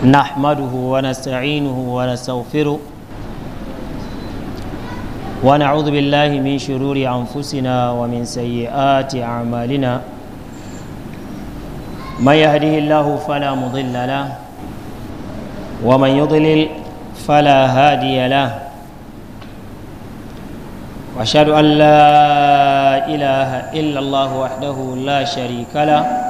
نحمده ونستعينه ونستغفره ونعوذ بالله من شرور أنفسنا ومن سيئات أعمالنا من يهده الله فلا مضل له ومن يضلل فلا هادي له واشهد ان لا اله الا الله وحده لا شريك له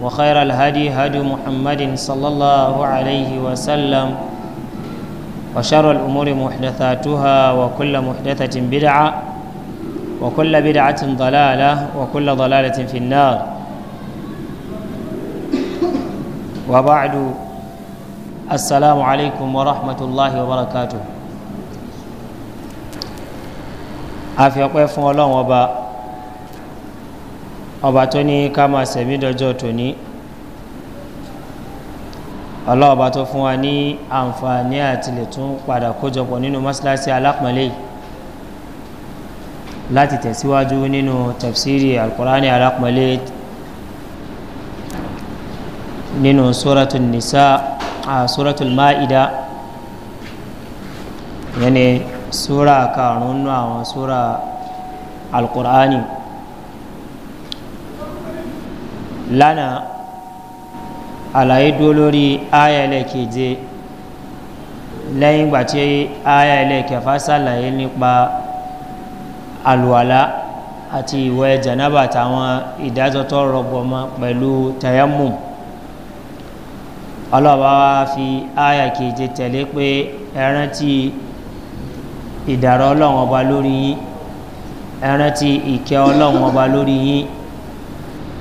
وخير الهدي هدي محمد صلى الله عليه وسلم وشر الأمور محدثاتها وكل محدثة بدعة وكل بدعة ضلالة وكل ضلالة في النار وبعد السلام عليكم ورحمة الله وبركاته عافية قيف ولون ọba tó ní ká máa sẹ̀mí dọjọ́ tòní ọlọ́ọ̀ba tó fún wa ní àǹfààní àti lè tún padà kójọpọ̀ nínú mọ́ṣáláṣí alápọ̀nlé láti tẹ̀síwájú nínú tafsiri alukurani alápọ̀nlé nínú sóràtù nìsá sóràtù máìdá yẹn ni sóra karùn àwọn sóra alukurani. Lana àlàyé dúró lórí aya ẹlẹ́keje lẹ́yìn ìgbà tí aya ẹlẹ́kẹfà sàlàyé nípa àlùwàlá àti ìwẹ̀ jànábà àtàwọn ìdájọ́ tó rọgbọ̀ mọ́ pẹ̀lú tayammum ọlọ́ọ̀bá wa fi aya keje tẹ̀lé pé ẹran ti ìdàrọ̀ ọlọ́run ọba lórí yín ẹran ti ìkẹ́ ọlọ́run ọba lórí yín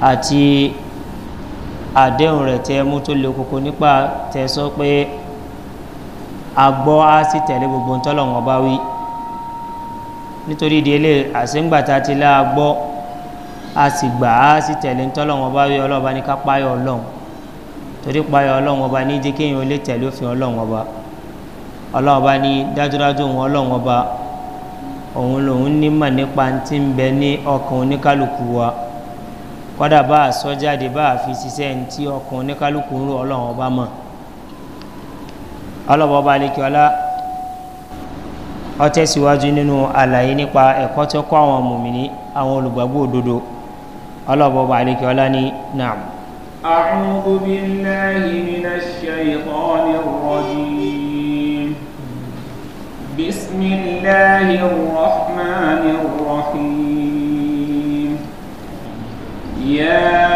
àti àdéhùn rẹ̀ tẹ́ mú tó le koko nípa tẹ́ sọ pé agbọ́ á sì tẹ̀lé gbogbo ń tọ́lọ̀ wọn bá wí nítorí ìdílé àṣẹ́ngbàtà ti lá agbọ́ a sì gbà á sì tẹ̀lé ń tọ́lọ̀ wọn bá wí ọlọ́ọ̀bá ní ká páyọ̀ ọlọ́run torí páyọ̀ ọlọ́run ọba ní jẹ́ kéèyàn lè tẹ̀lé òfin ọlọ́run ọba ọlọ́run ọba ní dájúdájú òun ọlọ́run ọba òun lòun nímọ̀ nípa ti ń bẹ ní ọkàn oníkálukú wa kọ́dà bá a sọ jáde bá a fi ṣiṣẹ́ ní tí oníkálukú ń rò ọlọ́run ọba mọ̀ ọlọ́bọ̀ ọba alekiola ọtẹ̀síwájú nínú àlàyé nípa ẹ̀kọ́ tó kọ́ àwọn mùmíní àwọn olùgbàgbọ́ òdodo ọlọ́bọ̀ ọba alekiola ní nam. أعوذ بالله من الشيطان الرجيم بسم الله الرحمن الرحيم يا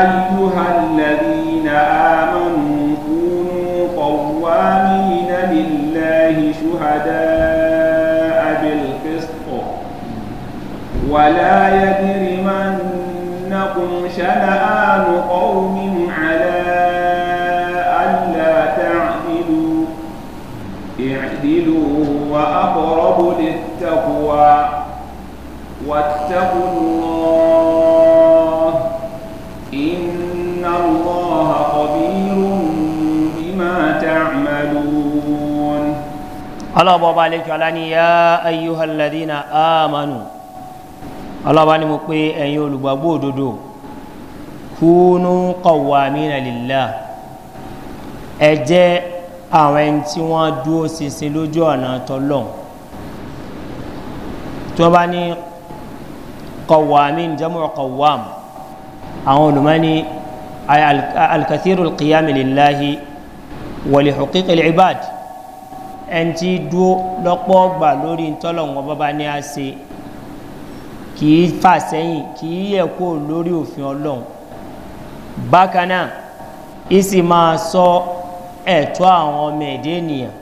أيها الذين آمنوا كونوا قوامين لله شهداء بالقسط ولا يجرمنكم شنآن قوم على ألا تعدلوا اعدلوا وأقرب للتقوى واتقوا الله ọlọ́ọ̀bọ̀ ọba àlejò aláníyá ayélujára àmánu ọlọ́ọ̀bá ni mo pé ẹ̀yin olùgbàgbọ́ òdodo kúnú kọ̀wá mìíràn lílá ẹ jẹ́ àwọn ẹni tí wọ́n dúró ṣinṣin lójú ọ̀nà tọ́lọ̀ tí wọ́n bá ní kọ̀wá mìíràn jẹ́mọ̀ kọ̀wá àwọn olùmọ́ni alkathiru alqiyami lillahi wàlẹ̀ ẹnití dúó lọ́pọ̀ gbà lórí ntọ́lọ̀wọ́n bàbá ní a ṣe kì í fà sẹ́yìn kì í yẹ kó lórí òfin ọlọ́run bákan náà ìsì máa sọ ẹ̀tọ́ àwọn ọmọ ẹ̀dẹ́ ènìyàn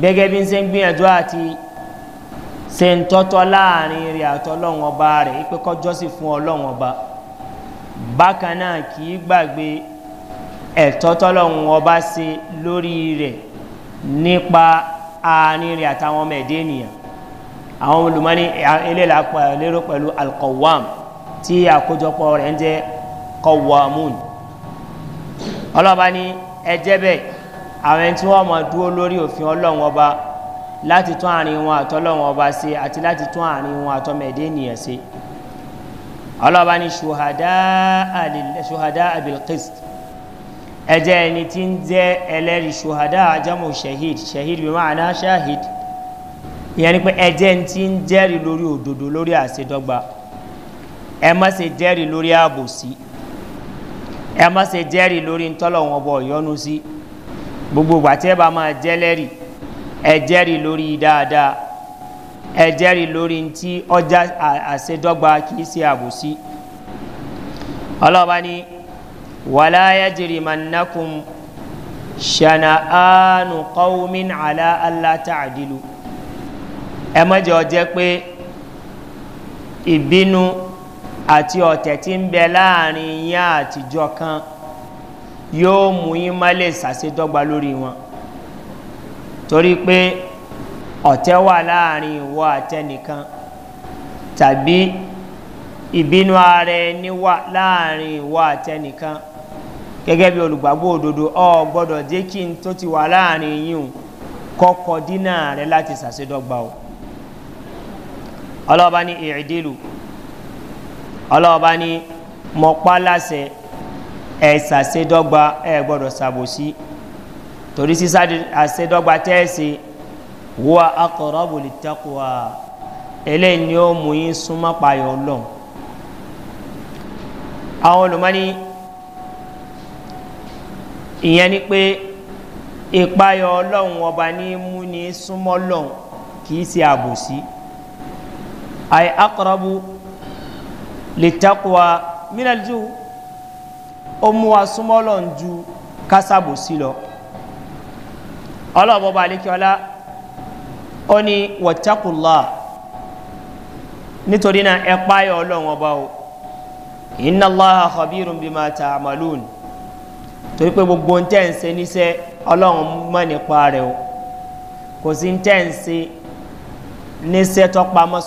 gẹ́gẹ́ bí ń ṣe ń gbìyànjú àti ṣe ń tọ́tọ́ láàrin rẹ̀ àtọ́lọ́wọ́n ọba rẹ̀ ìpè kọjọ́ sí fún ọlọ́wọ́n ọba bákan náà kì í gbàgbé ẹ̀tọ́ tọ́lọ́wọ́n ọba ṣe lórí rẹ̀ nípa àárín rẹ̀ àtàwọn ọmọ ẹ̀dẹ́ ènìyàn àwọn olùmọ́ni eléla lérò pẹ̀lú alkọ̀wàm tí àkójọpọ̀ rẹ̀ ń jẹ́ kọ̀wàmùn ọlọ́ba ní ẹjẹ́ bẹ́ẹ̀ àwọn ẹni tí wọ́n mọ̀ dúró lórí òfin ọlọ́run ọba láti tún àárín wọn àtọ́lọ́run ọba ṣe àti láti tún àárín wọn àtọ́mọ ẹ̀dẹ́ ènìyàn ṣe ọlọ́ba ní ṣùhàdá àbìlkist ẹjẹ́ ẹni tí ń jẹ́ ẹlẹ́rìí ṣuhada ajamu shahid shahid bí máa ná shahid ìyẹn ni pé ẹjẹ́ ẹni tí ń jẹ́rìí lórí òdodo lórí àṣedọ́gba ẹ má ṣe jẹ́rìí lórí àbòsí ẹ má ṣe jẹ́rìí lórí ntọ́lọ́wọ́n bọ̀ yọnu sí gbogbo gbàtẹ́ bá máa jẹ́ ẹ jẹ́rìí lórí dáadáa ẹ jẹ́rìí lórí ntí ọjà àṣedọ́gba kì í ṣe àbòsí ọlọ́ba ni. ولا ya jirimannakum shana'anu qawmin ala allah ta'adilu ẹ má jẹ́ ọjẹ́ pé ìbínú àti ọ̀tẹ̀ tí ń bẹ láàrin yín àtijọ́ kan yóò mú yín má lè ṣàṣedọ́gba lórí wọn torí pé ọ̀tẹ̀ wà láàrin ìwọ àtẹnìkan tàbí ìbínú ara ẹni wà láàrin ìwọ àtẹnìkan gẹ́gẹ́ bí olùgbàgbọ́ òdodo ọ gbọ́dọ̀ jẹ́ kí n tó ti wà láàrin yín o kọ́kọ́ dínà rẹ láti ṣàṣedọ́gba o ọlọ́ọ̀bá ní ìrìndínlù ọlọ́ọ̀bá ní mọ̀pá láṣẹ ẹ̀ ṣàṣedọ́gba ẹ̀ gbọ́dọ̀ ṣàbòsí torí sísá àṣedọ́gba tẹ́ẹ̀sì wọ́n akọ̀rọ̀bù lè tẹ́kùwà eléyìí ni ó mú yín súnmọ́ payọ̀ ọlọ́run àwọn olùmọ́ni ìyẹn ni pé ìpayọ̀ ọlọ́run ọba ní mú ní súnmọ́ lọ́hùn kì í ṣe àbòsí àì akọrọbù lè takuwa mínàlíjú ó mú wa súnmọ́ lọ́hùn ju kásábòsí lọ ọlọ́ọ̀bọ̀ bá alékiọlá ó ní wọ̀tákùlá nítorí náà ẹ páyọ̀ ọlọ́run ọba o iná láhà kọbírùn bí máa torí pé gbogbo ń tẹ́ ń se níṣẹ́ ọlọ́run mọ̀ nípa rẹ̀ o kò sí ń tẹ́ ń se níṣẹ́ tọ́pamọ́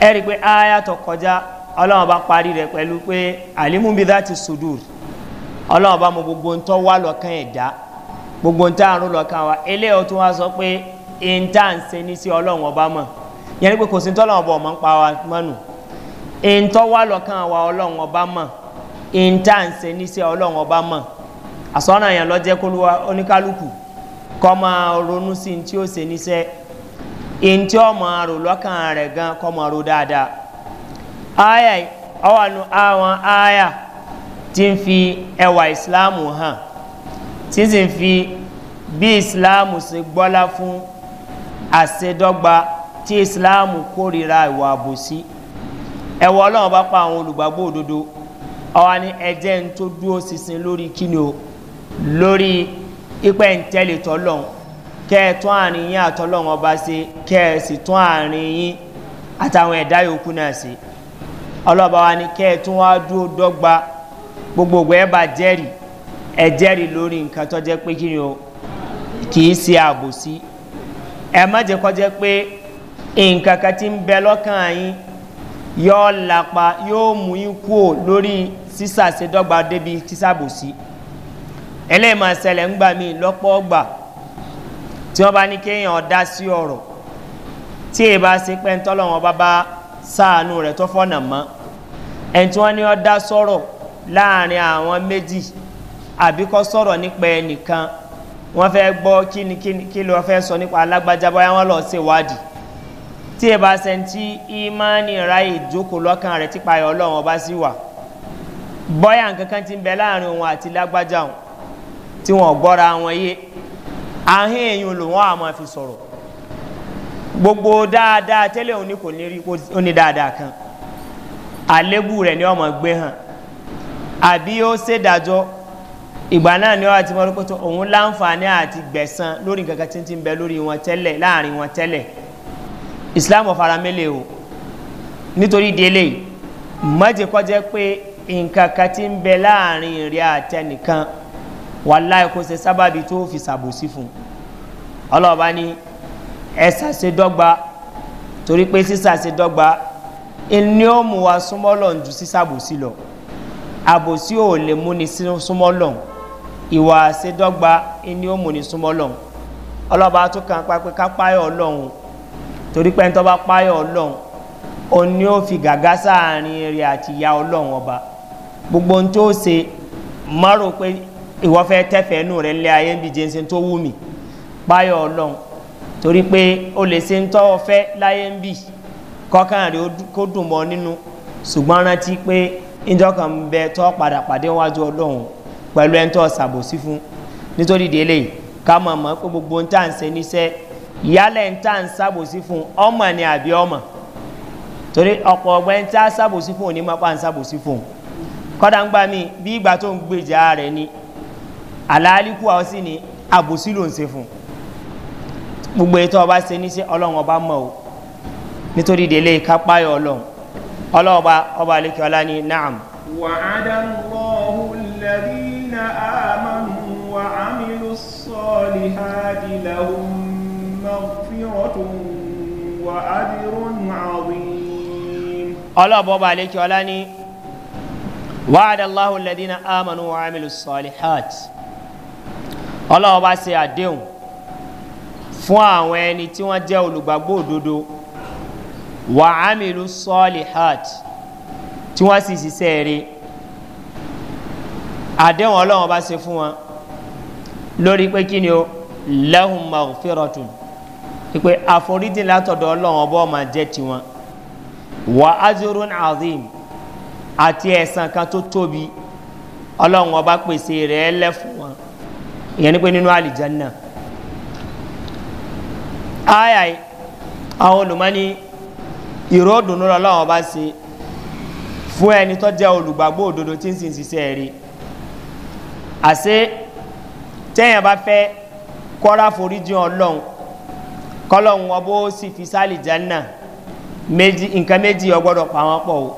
ẹ rí i pé aya tó kọjá ọlọ́run bá parí rẹ̀ pẹ̀lú pé àlímúbidá ti sùdù ọlọ́run bá mọ gbogbo ń tọ́ wá lọ́kàn ẹ̀dá gbogbo ń tẹ́ àrùn lọ́kàn wa eléyìí tó wá sọ pé ń tà ń se níṣẹ́ ọlọ́run ọba mọ̀ yẹn ni pé kò sí ń tọ́lọ́run ọba ọ̀mọ́ ń pa wa mọ́nu ń intanse níṣẹ́ ọlọ́run ọba mọ̀ àsọ́nà yẹn lọ́jẹ́ kólúwa oníkálukú kọ́ máa ronú sí ní tí ó ṣe níṣẹ́ ní tí ó máa rò lọ́kàn rẹ̀ gan kọ́ máa rò dáadáa aya ọwọ́ nu àwọn aya ti ń fi ẹwà ìsìláàmù hàn tí sì ń fi bí ìsìláàmù ṣe gbọ́lá fún àṣedọ́gba tí ìsìláàmù kórìíra ìwà àbòsí ẹ̀wọ̀ ọlọ́run bá pa àwọn olùgbàgbọ́ òdodo. ọwọ́ ni ẹ̀jẹ̀ ń tó dúró sísin lórí kíni o lórí ipẹ́ ìtẹ́lẹ̀ tọ́lọ́hún kẹ́ ẹ tún àárín yín àtọ́lọ́hún ọba ṣe kẹ́ ẹ sì tún àárín yín àtàwọn ẹ̀dá yòókù náà ṣe ọlọ́ba wa ni kẹ́ ẹ tún wá dúró dọ́gba gbogbo ẹ bá jẹ́rì ẹ jẹ́rìí lórí nǹkan tó jẹ́ pé kíni o kì í ṣe àbòsí ẹ̀ má jẹ́ kọ́ jẹ́ pé nǹkan kan ti ń bẹ lọ́kàn yín yóò lapa yóò mú yín kúò lórí sísàṣedọ́gba débi sísàbòsí ẹlẹ́yìn máa ṣẹlẹ̀ ń gbà mí lọ́pọ̀ ọgbà tí wọ́n bá ní kéèyàn dá sí ọ̀rọ̀ tí èyí bá ṣe pé ntọ́lọ́wọ́n bá bá sáànù rẹ̀ tó fọ́nà mọ́ ẹni tí wọ́n ní ọ́ dá sọ̀rọ̀ láàrin àwọn méjì àbí kọ́ sọ̀rọ̀ nípa ẹnìkan wọ́n fẹ́ gbọ́ kíni kíni kí ló fẹ́ sọ nípa alágbájá báyà wọ́n lọ ṣèwádìí tí ẹ bá sẹ́ńtì ìmánì ráyè jókòó lọ́kàn rẹ̀ típa ẹ̀ ọlọ́run ọba sí wà bọ́yà nkankan ti ń bẹ láàrin òun àti lágbájá òun tí wọ́n gbọ́ra wọn yé àhín èèyàn ló wọ́n àmọ́ fi sọ̀rọ̀ gbogbo dáadáa tẹ́lẹ̀ òun ni kò ní rí ó ní dáadáa kan àlébù rẹ̀ ni ọmọ gbé hàn àbí ó ṣèdájọ́ ìgbà náà ni wọ́n ti mọ́ òun láǹfààní àti gbẹ̀san lórí nkankan tí ń bẹ lórí wọn tẹ́lẹ̀ láàrin wọn tẹ́lẹ̀ islam faramẹ́lẹ̀ o nítorí délé mọ́jẹ́ kọjá pé nǹkan kan ti ń bẹ láàrin ìrìn àtẹnìkan wàláì kò ṣe sábàbí tó fi ṣàbòsí fún ọlọ́ọ̀bá ni ẹ ṣàṣedọ́gba torí pé ṣíṣàṣedọ́gba ni ó mú wa súnmọ́ lọ́n ju ṣíṣàbòsí lọ àbòsí ò lè múni súnmọ́ lọ́n ìwà àṣedọ́gba ni ó múni súnmọ́ lọ́n ọlọ́ọ̀bá tó kàn pa pé ká páyọ̀ ọlọ́run torí pé ntọ́ bá páyọ̀ ọlọ́run ó ní ó fi gàgá sáàrin àti ìyá ọlọ́run ọba gbogbo ohun tó ṣe má rò pé ìwọ tẹ́fẹ̀ẹ́ nù rẹ̀ lé ayé bíi jẹ́nsẹ̀ tó wù mí páyọ̀ ọlọ́run torí pé o lè ṣe ntọ́ ọfẹ́ láyé ń bì kọ́kàn kó dùn wájú ọlọ́run pẹ̀lú ṣàbòsí fún nítorí délé ká mọ̀ mọ́ pé gbogbo ohun tá yálẹ̀ ń tà ń sábòsí fún ọmọ ni àbí ọmọ torí ọ̀pọ̀ ọgbẹ́ ń tà sábòsí fún òní ń sábòsí fún kọ́dà ń gbà mí bí ìgbà tó ń gbèjà rẹ̀ ni àlàálíkù àwọn ni àbòsí ló ń fún gbogbo ètò ọba ṣe ní sí ọlọ́run ọba mọ̀ o nítorí kápáyọ̀ ọlọ́run ọlọ́run ọba ọba àlekè ọlá naam. Wà مغفرة وأجر عظيم الله بابا عليك ولاني وعد الله الذين آمنوا وعملوا الصالحات الله بابا سيادهم fún àwọn ẹni tí wọ́n jẹ́ olùgbàgbọ́ òdodo wà á mìlú sọ́ọ̀lì hart tí wọ́n sì ṣiṣẹ́ rí àdéhùn ọlọ́run bá fún wọn lórí pé kí ni o lẹ́hùn mọ̀ọ́fẹ́rọ̀tún pípé àforíjì látọ̀dọ̀ ọlọ́run ọba ọmọ jẹ́ tiwọn wà azurun azim àti ẹ̀sán kan tó tóbi ọlọ́run ọba pèsè rẹ̀ lẹ́ fún wọn ìyẹn ni pé nínú àlìjánná aya yi àwọn olùmọ́ni ìró dùnú ọlọ́run ọba ṣe fún ẹni tó jẹ́ olùgbàgbọ́ òdodo tí ń sin ṣiṣẹ́ rí àṣé tẹ́yìn bá fẹ́ kọ́ra foríjì ọlọ́run kọlọ́hún ọbọ̀ sì fi sáàlì jánà méjì nǹkan méjì ọgbọ́dọ̀ pa wọ́n pọ̀ o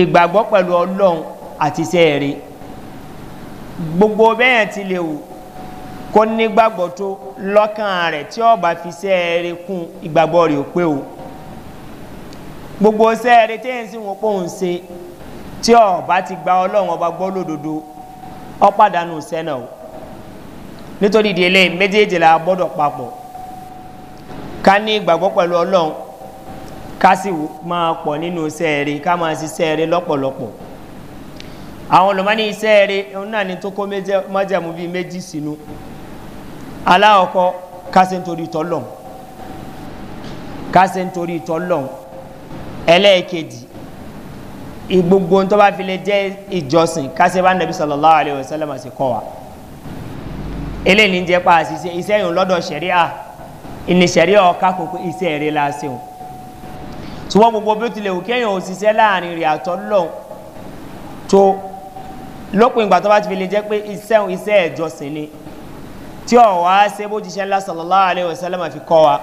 ìgbàgbọ́ pẹ̀lú ọlọ́run àti sẹ́ẹ̀rí gbogbo bẹ́ẹ̀ ti lè wò kó nígbàgbọ́ tó lọ́kàn rẹ̀ tí ọba fi sẹ́ẹ̀rí kún ìgbàgbọ́ rẹ̀ pé o gbogbo sẹ́ẹ̀rí téèyàn sì wọ́n pò ń ṣe tí ọba ti gba ọlọ́run ọba gbọ́ lódodo ọ̀pàdánù sẹ́nà o nítorí ìdílé méjèèjì la gbọ́dọ̀ papọ̀ ká ní ìgbàgbọ́ pẹ̀lú ọlọ́run ká sì máa pọ̀ nínú sẹ́ẹ̀rì ká máa sí sẹ́ẹ̀rì lọ́pọ̀lọpọ̀ àwọn olùmọ́ni sẹ́ẹ̀rì òun náà ni tó kó mọ́jẹ̀mú bíi méjì sínú aláwọ̀kọ́ ká sì ń torí tọ́lọ̀ ká sì ń torí tọ́lọ̀ ẹlẹ́ẹ̀kejì gbogbo tó bá fi lè jẹ́ ìjọsìn ká sì bá nàbí sọlọ́láhà wọ̀ sẹ́lẹ̀ mà sí kọ́ wa eléyìí ń jẹ́ pa àṣìṣe iṣẹ́ yòó lọ́dọ̀ ṣẹ̀ríà ìníṣẹ̀rí ọ̀ka kòkó iṣẹ́ rẹ̀ la ṣe o ṣùgbọ́n gbogbo bí ó tilẹ̀ wù kéèyàn ò ṣiṣẹ́ láàrin rẹ̀ àtọ́ lọ́hùn tó lópin ìgbà tó bá ti fi lè jẹ́ pé iṣẹ́ òun iṣẹ́ ẹ̀jọsìn ni tí ọ̀ wá ṣe bó ti ṣe ńlá sọ̀lọ́lá àlẹ́ òṣèlú àfi kọ́ wa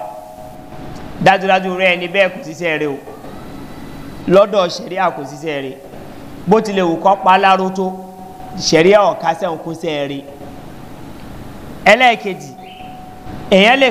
dájúdájú rẹ̀ ni bẹ́ẹ̀ kò ṣiṣẹ́ rẹ̀ o lọ́dọ̀ ṣẹ̀rí àkòṣiṣẹ́ rẹ̀ bó tilẹ̀ wù kọ́ pa aláró tó ṣẹ̀rí ọ̀ka sẹ́hùn kó ṣẹ́ rẹ̀ ẹlẹ́ẹ̀kejì èèyàn lè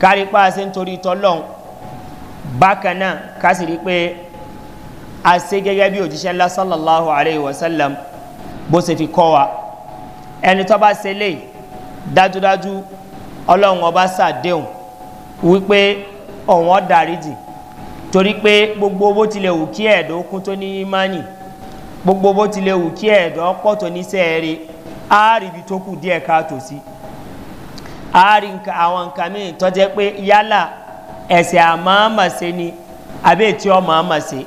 kárí pa ṣe ń torí tọ́lọ́n bákan náà ká sì rí pé a gẹ́gẹ́ bí òjíṣẹ́ ńlá sallallahu alayhi wa sallam bó ṣe fi kọ́ wa ẹni tó bá ṣe lè dájúdájú ọlọ́run ọba ṣàdéhùn wípé ọ̀wọ́n dáríjì torí pé gbogbo bó tilẹ̀ wù kí ẹ̀dọ́ kún tó ní ìmánì gbogbo bó tilẹ̀ wù kí ẹ̀dọ́ pọ̀ tó ní sẹ́ẹ̀rẹ́ á rí ibi tó kù díẹ̀ káàtó sí i. ari àwọn nǹkan mi tọ́jẹ́ pé yálà ẹ̀sẹ̀ ni àbí ètí ọmọ́ọ́mọ̀ṣe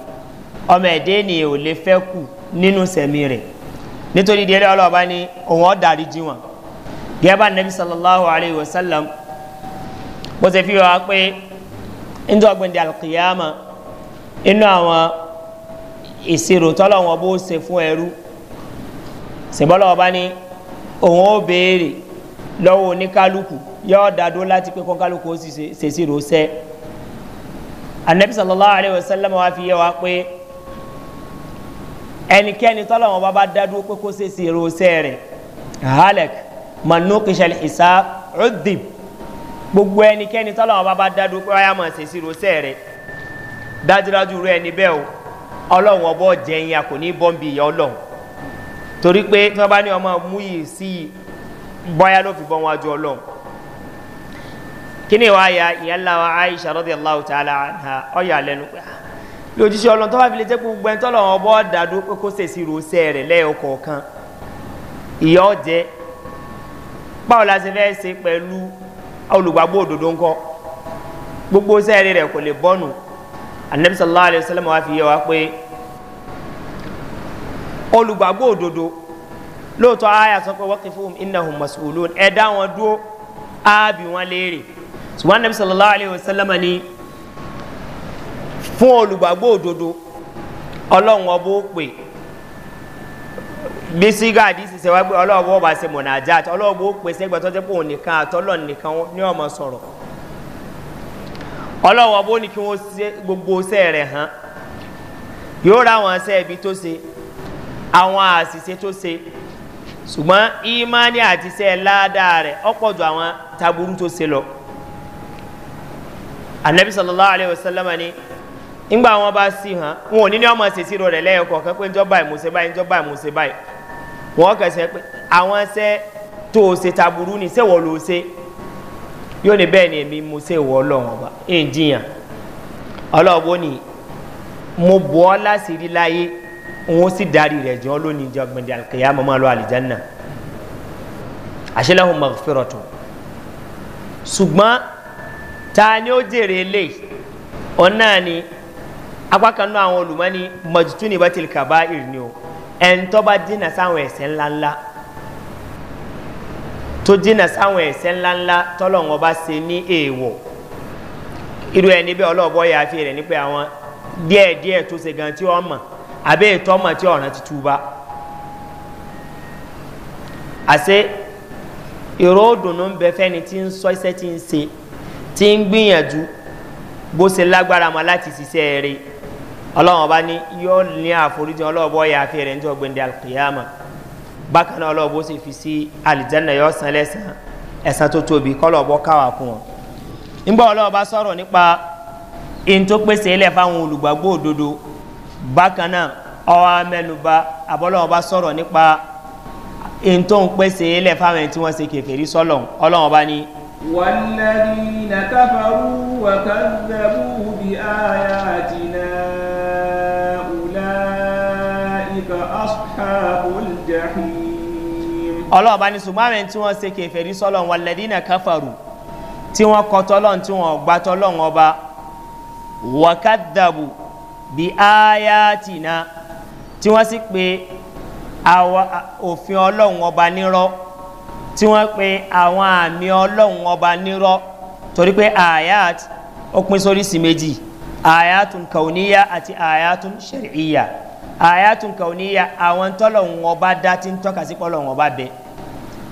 ọmọ ẹ̀dẹ́ ni ò lè fẹ́ kù nínú sẹ̀mí rẹ̀ nítorí ìdílé ọlọ́ọ̀bá ni òun ọ̀dàrí jí wọn gẹ́gẹ́ bá nàbí sallallahu alayhi wa sallam bó ṣe fi wá pé ndé alkiyama inú àwọn ìṣirò tọ́lọ̀ bó ṣe fún ẹrú ni òun béèrè. lọ́wọ́ oníkálukú yóò dàdó láti pé kọ́ńkálukú ó sì ṣèṣì o sẹ́ anabi sallallahu alayhi wa sallam wa fi yẹ wa pé ẹnikẹ́ni tọ́lọ̀ wọn bá bá dádúró pé kó ṣèṣì rò sẹ́ rẹ̀ halek gbogbo ẹnikẹ́ni tọ́lọ̀ wọn bá bá dádúró pé wáyà máa rẹ̀ dájúdájú rẹ̀ o a kò ní torí pé tí wọ́n bá ní ọmọ mú yìí sí bọ́yá ló fi bọ́ wọn ọlọ́run ya aisha rọ́dí aláwọ̀ a la ha ọ̀yà lẹ́nu pé lójúṣe ah, ọlọ́run tó bá fi lè jẹ́ bọ́ dàdú pé kó sèṣì rẹ̀ báwo la ṣe fẹ́ ṣe pẹ̀lú olùgbàgbọ́ òdodo gbogbo sẹ́ẹ̀rì rẹ̀ kò lè bọ́nu wa fi yẹ wa pé olùgbàgbọ́ òdodo. lóòótọ́ aya sọ pé wọ́kìfún innahum masulun ẹ dá wọn dúró ábì wọn léèrè ṣùgbọ́n nabi sallallahu alayhi wa sallam ni fún olùgbàgbọ́ òdodo ọlọ́run ọbọ̀ ó pè bí sígá àdìsí ṣe wá pé ọlọ́run ọba ṣe mọ̀nà àjá àti ọlọ́run ọbọ̀ ó pè sẹ́gbẹ̀ẹ́ tó jẹ́ pé òun nìkan àtọ́lọ́run nìkan ní ọmọ sọ̀rọ̀ ọlọ́run ọbọ̀ ní kí wọ́n ṣe gbogbo iṣẹ́ rẹ̀ hàn yóò ra àwọn iṣẹ́ ibi tó ṣe àwọn àṣìṣe tó ṣe ṣùgbọ́n ìmánì àti iṣẹ́ ládàá rẹ̀ ọ̀pọ̀ ju àwọn taburú tó ṣe lọ. anabi sallallahu alayhi wa sallam ni ngba wọn bá sí hàn wọn ò ní ní ọmọ ṣèṣì rọ rẹ lẹ́yìn kọ̀ọ̀kan pé njọ́ báyìí mo ṣe báyìí njọ́ báyìí mo ṣe báyìí wọn kẹsẹ̀ pé àwọn ṣẹ́ tó o ṣe taburú ni ṣé wọ́n ló ṣe yóò ní bẹ́ẹ̀ ni èmi mo ṣe wọ́ ọlọ́run ọba ẹ̀ ń jiyàn ọlọ́ọ̀bọ ni mo bọ́ láṣìírí láyé wọn sì darí rẹ̀ jẹ́ lónìí jẹ́ gbẹ̀ndẹ̀ àlùkìyà mọ́ máa lọ àlìjánná àṣẹlẹ́hùn mọ̀fẹ́rọ̀tún ṣùgbọ́n ta ni ó jèrè eléyìí ọ̀nà ni apá kan náà àwọn olùmọ́ni mọ̀jútùní bá tilẹ̀ kaba ìrìnnì o ẹ̀ńtọ́ bá dínà sáwọn ẹ̀sẹ̀ ńláńlá tó dínà sáwọn ẹ̀sẹ̀ ńláńlá tọ́lọ̀ wọn bá ṣe ní èèwọ̀ irú ẹni bẹ́ẹ̀ ọlọ́ọ̀bọ yà á fi rẹ̀ ní pé àwọn díẹ̀díẹ̀ tó ṣe gan tí wọ́n mọ̀ abẹ́ ètò ọmọ tí ọ̀ràn ti túba àṣẹ ìró òdùnnú ń bẹ fẹ́ni tí ń sọ iṣẹ́ tí ń ṣe tí ń gbìyànjú bó ṣe lágbára mọ́ láti ṣiṣẹ́ rẹ̀ ọlọ́run ọba ní yóò ní àforíjì ọlọ́run bọ́ ya àfihàn ní ọgbẹ́ndẹ́ alkiyama bákan náà ọlọ́run bó ṣe fi sí alìjẹ́nà yóò san lẹ́sàn ẹ̀sán tó tóbi kọ́lọ̀ bọ́ káwá fún wọn. nígbà ọlọ́run bá sọ̀rọ̀ nípa ẹni pèsè ilẹ̀ fáwọn olùgbàgbọ́ òdodo bákan náà ọwọ́ amẹ́nuba abọ́lọ́wọ́ bá sọ̀rọ̀ nípa ntọ́ ń pèsè ilẹ̀ fáwọn ẹni tí wọ́n ṣe kẹfẹ́rí sọ́lọ̀ ọlọ́wọ́ bá ní. والذين كفروا وكذبوا بآياتنا أولئك أصحاب الجحيم ọlọ́wọ́ bá ní ṣùgbọ́n àwọn ẹni tí wọ́n ṣe kẹfẹ́rí sọ́lọ̀ والذين كفروا tí wọ́n kọ́ tọ́lọ́ tí wọ́n gbà tọ́lọ́ wọn ọba wọ́kàdàbù bí ayatina tí wọ́n sì pe òfin ọlọ́run ọba nírọ́ tí wọ́n pe àwọn àmì ọlọ́run ọba nírọ́ torí pé ayat ó pín sórí sí méjì ayatun kauniya àti ayatun shari'iya ayatun kauniya àwọn tọ́lọ̀hún ọba dá tí ń tọ́ka sí pọ́lọ̀hún ọba bẹ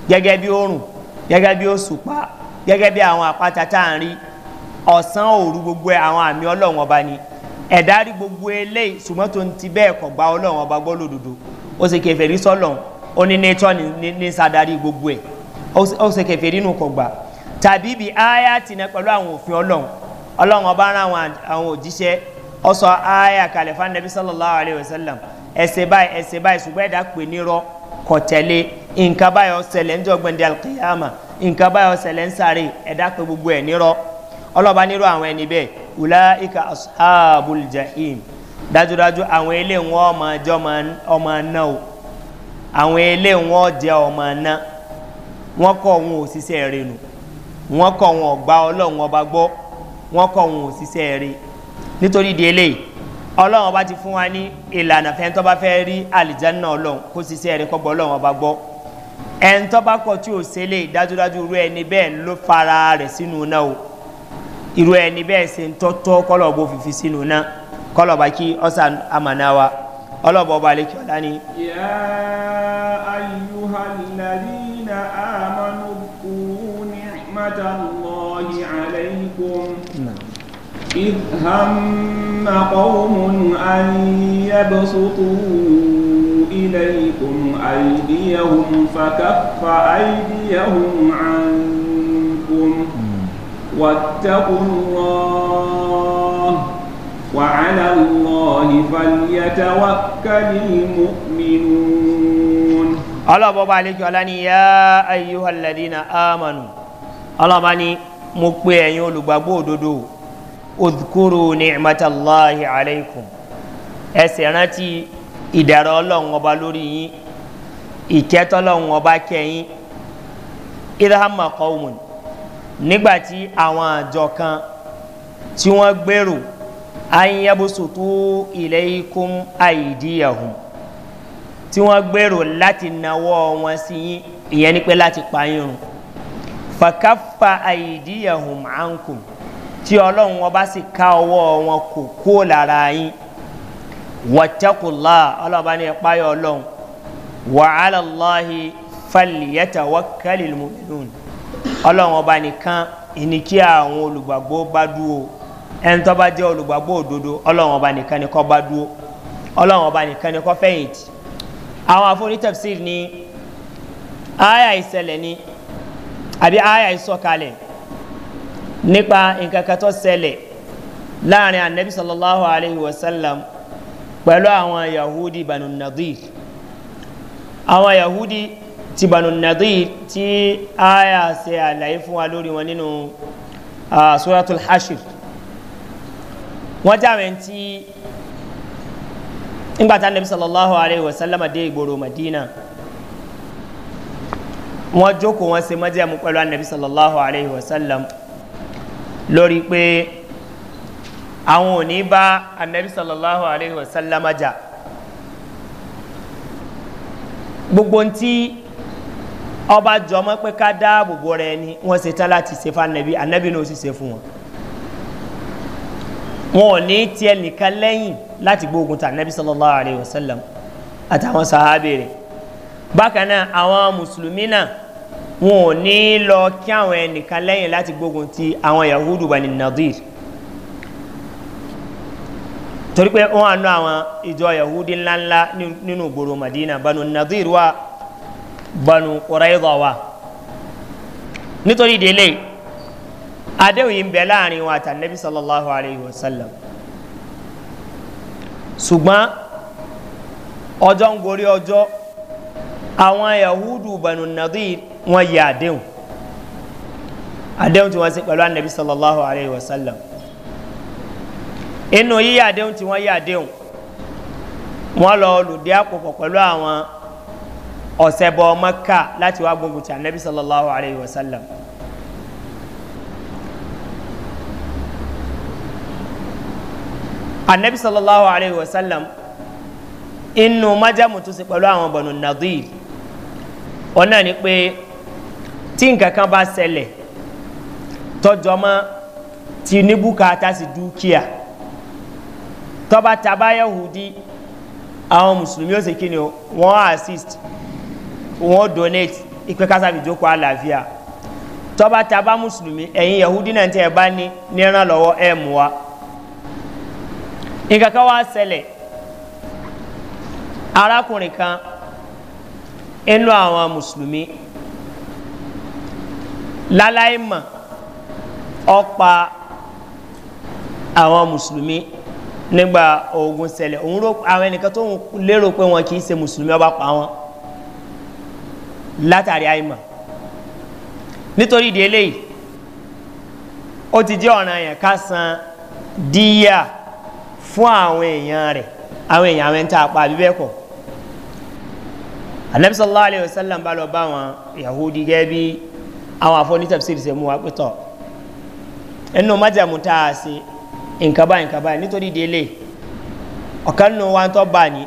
gẹ́gẹ́ bí oorun gẹ́gẹ́ bí òṣùpá gẹ́gẹ́ bí àwọn àpáta tá à ń rí ọ̀sán òru gbogbo àwọn àmì ọlọ́run ọba ni ẹ̀dá rí gbogbo eléyìí ṣùgbọ́n tó ń ti bẹ́ẹ̀ kọ̀ gba ọlọ́run ọba gbọ́ lòdòdó ó ṣe kẹfẹ́ rí sọ́lọ́run ó ní nẹ́tọ́ ní ní sadarí gbogbo ẹ̀ ó ṣe kẹfẹ́ rí nù kọ̀ gbà tàbí ibi aya tìǹẹ pẹ̀lú àwọn òfin ọlọ́run ọlọ́run ọba rán àwọn òjíṣẹ́ ọ sọ aya kalẹ̀ fún anabi sallallahu alayhi wa sallam ẹsẹ̀ báyìí ẹsẹ̀ báyìí ṣùgbọ́n ẹ̀dá pè ní rọ kọ̀tẹ́lé nǹkan alkiyama nǹkan báyọ̀ ṣẹlẹ̀ ń sáré ẹ̀dá pé gbogbo ẹ̀ ulaika ashabul jahim dájúdájú àwọn ilé wọn ọmọ jẹ ọmọ náà o àwọn ilé wọn jẹ ọmọ náà wọn kọ wọn òṣìṣẹ́ rẹ nù wọn kọ wọn ọgbà ọlọ́run ọba gbọ́ wọn kọ wọn òṣìṣẹ́ rẹ nítorí di eléyìí ọlọ́run ọba ti fún wa ní ìlànà fẹ́ntọ́ bá fẹ́ rí àlìjáná ọlọ́run kó ṣiṣẹ́ rẹ kọ́ gbọ́ ọlọ́run ọba gbọ́ ẹ̀ńtọ́ bá kọ tí ò ṣẹlẹ̀ dájúdájú rú ẹni bẹ́ẹ̀ ló fara rẹ̀ sínú náà o irú ẹni bẹ́ẹ̀ ṣe ń tọ́tọ́ kọ́lọ̀ bó fífi sínú náà kọ́lọ̀ bá kí ọ̀sán amànà wa ọlọ́bọ̀ ọba alẹ́ ọ̀la ni. yà á yú halali na amanu kú ní mata lọ́ọ̀yì aláìkún. إذ هم قوم أن يبسطوا إليكم أيديهم فكف أيديهم عنكم واتقوا الله وعلى الله فليتوكل المؤمنون الله بابا عليك ولاني يا أيها الذين آمنوا الله باني مكبي أن يولو دودو اذكروا نعمة الله عليكم أسرتي إدارة الله وبالوري إكتة الله وباكين إذا هم قومٌ nígbàtí àwọn àjọ kan tí wọ́n gbèrò ayinyabosoto ilẹ̀ ikún àìdíyàhùn tí wọ́n gbèrò láti nawọ́ wọn sí yín ìyẹn ni pé láti pa yín rùn fàkàfà àìdíyàhùn ànkùn tí ọlọ́run wọn bá sì ká ọwọ́ wọn kò kó lára yín wàtẹ́kùlá ọlọ́ba ní ìpáyọ̀ ọlọ́run wàhálà láhi fàlìyẹ́tà wákàlì mùmínú ọlọ́run ọba nìkan ìní kí àwọn olùgbàgbọ́ bá dúró ẹni tó bá jẹ́ olùgbàgbọ́ òdodo ọlọ́run ọba nìkan ni kọ́ bá dúró ọlọ́run ọba nìkan ni kọ́ fẹ̀yìntì àwọn àfọwọ́nì tẹ̀síìrì ni aya ìṣẹ̀lẹ̀ ni àbí aya ìsọ̀kalẹ̀ nípa nǹkan kan tó ṣẹlẹ̀ láàrin anabi sallallahu alayhi wa sallam pẹ̀lú àwọn yahudi banu nadir àwọn yahudi ti banu nadir ti aya ṣe àlàyé fún wa lórí wọn nínú suratul hashir wọn jáwé ti ngbàtà nabi sallallahu alayhi wa sallam dé ìgboro madina wọn jókòó wọn ṣe májẹmú pẹlú anabi sallallahu alayhi wa sallam lórí pé àwọn ò ní bá anabi sallallahu alayhi wa sallam jà gbogbo ntí ọba jọmọ pé ká dáàbò bọ rẹ ni wọn ṣe tán láti ṣe fanabi anabi náà ó sì ṣe fún wọn wọn ò ní tiẹ nìkan lẹ́yìn láti gbógun ta anabi sallallahu alayhi wa sallam àtàwọn sahabi rẹ bákan náà àwọn mùsùlùmí náà wọn ò ní lọ kí àwọn ẹnìkan lẹ́yìn láti gbógun ti àwọn yahudu bani nadir torí pé wọn àánú àwọn ìjọ yahudi ńláńlá nínú ìgboro madina bani nadir wa banu qurayza wa nítorí délé adéhùn yìí ń bẹ láàrin wa àti anabi sallallahu alayhi wa sallam ṣùgbọ́n ọjọ́ ń gorí ọjọ́ àwọn yahudu banu nadir wọn yẹ àdéhùn àdéhùn tí wọ́n ṣe pẹ̀lú anabi sallallahu alayhi wa sallam inú yíyẹ àdéhùn tí wọ́n yẹ àdéhùn wọ́n lọ lùdí àpòpọ̀ pẹ̀lú àwọn ọ̀sẹ̀ bọ̀ maka láti wá gbógun ti anabi sallallahu alayhi wa sallam. anabi sallallahu alayhi wa sallam inú májàmù tó ṣe pẹ̀lú àwọn bọ̀nù nadir ọ̀nà ni pé tí nǹkan kan bá ṣẹlẹ̀ tọjọ́ mọ́ tí níbùkátà sí dúkìá tọ́ba tabáyà hùdí àwọn mùsùlùmí ó ṣe assist wọn donate ìpè kásáfì jókòó àlàáfíà tọ́ba tá a bá mùsùlùmí ẹ̀yin yahudi náà tẹ́ ẹ bá ní ní ìrànlọ́wọ́ ẹ̀ mú wa nǹkan kan wá ṣẹlẹ̀ arákùnrin kan inú àwọn mùsùlùmí láláì mọ̀ ọ̀pá àwọn mùsùlùmí nígbà ogun ṣẹlẹ̀ òun àwọn ẹnìkan tó ń lérò pé wọn kì í ṣe mùsùlùmí ọba pa wọn látàrí àìmọ̀ nítorí ìdí eléyìí ó ti jẹ́ ọ̀ràn yẹn ká san díyà fún àwọn èèyàn rẹ̀ àwọn èèyàn àwọn ẹ̀ńtà apá àbí bẹ́ẹ̀ kọ̀ anabi sallallahu alayhi wa sallam bá lọ bá àwọn yahudi gẹ́gẹ́ bí àwọn afọ́nitẹ́bísírì ṣe mú wa pé tọ̀ ẹnu májàmú tá a ṣe nǹkan báyìí nǹkan báyìí nítorí ìdí eléyìí ọ̀kan nù wa ń tọ́ bá ní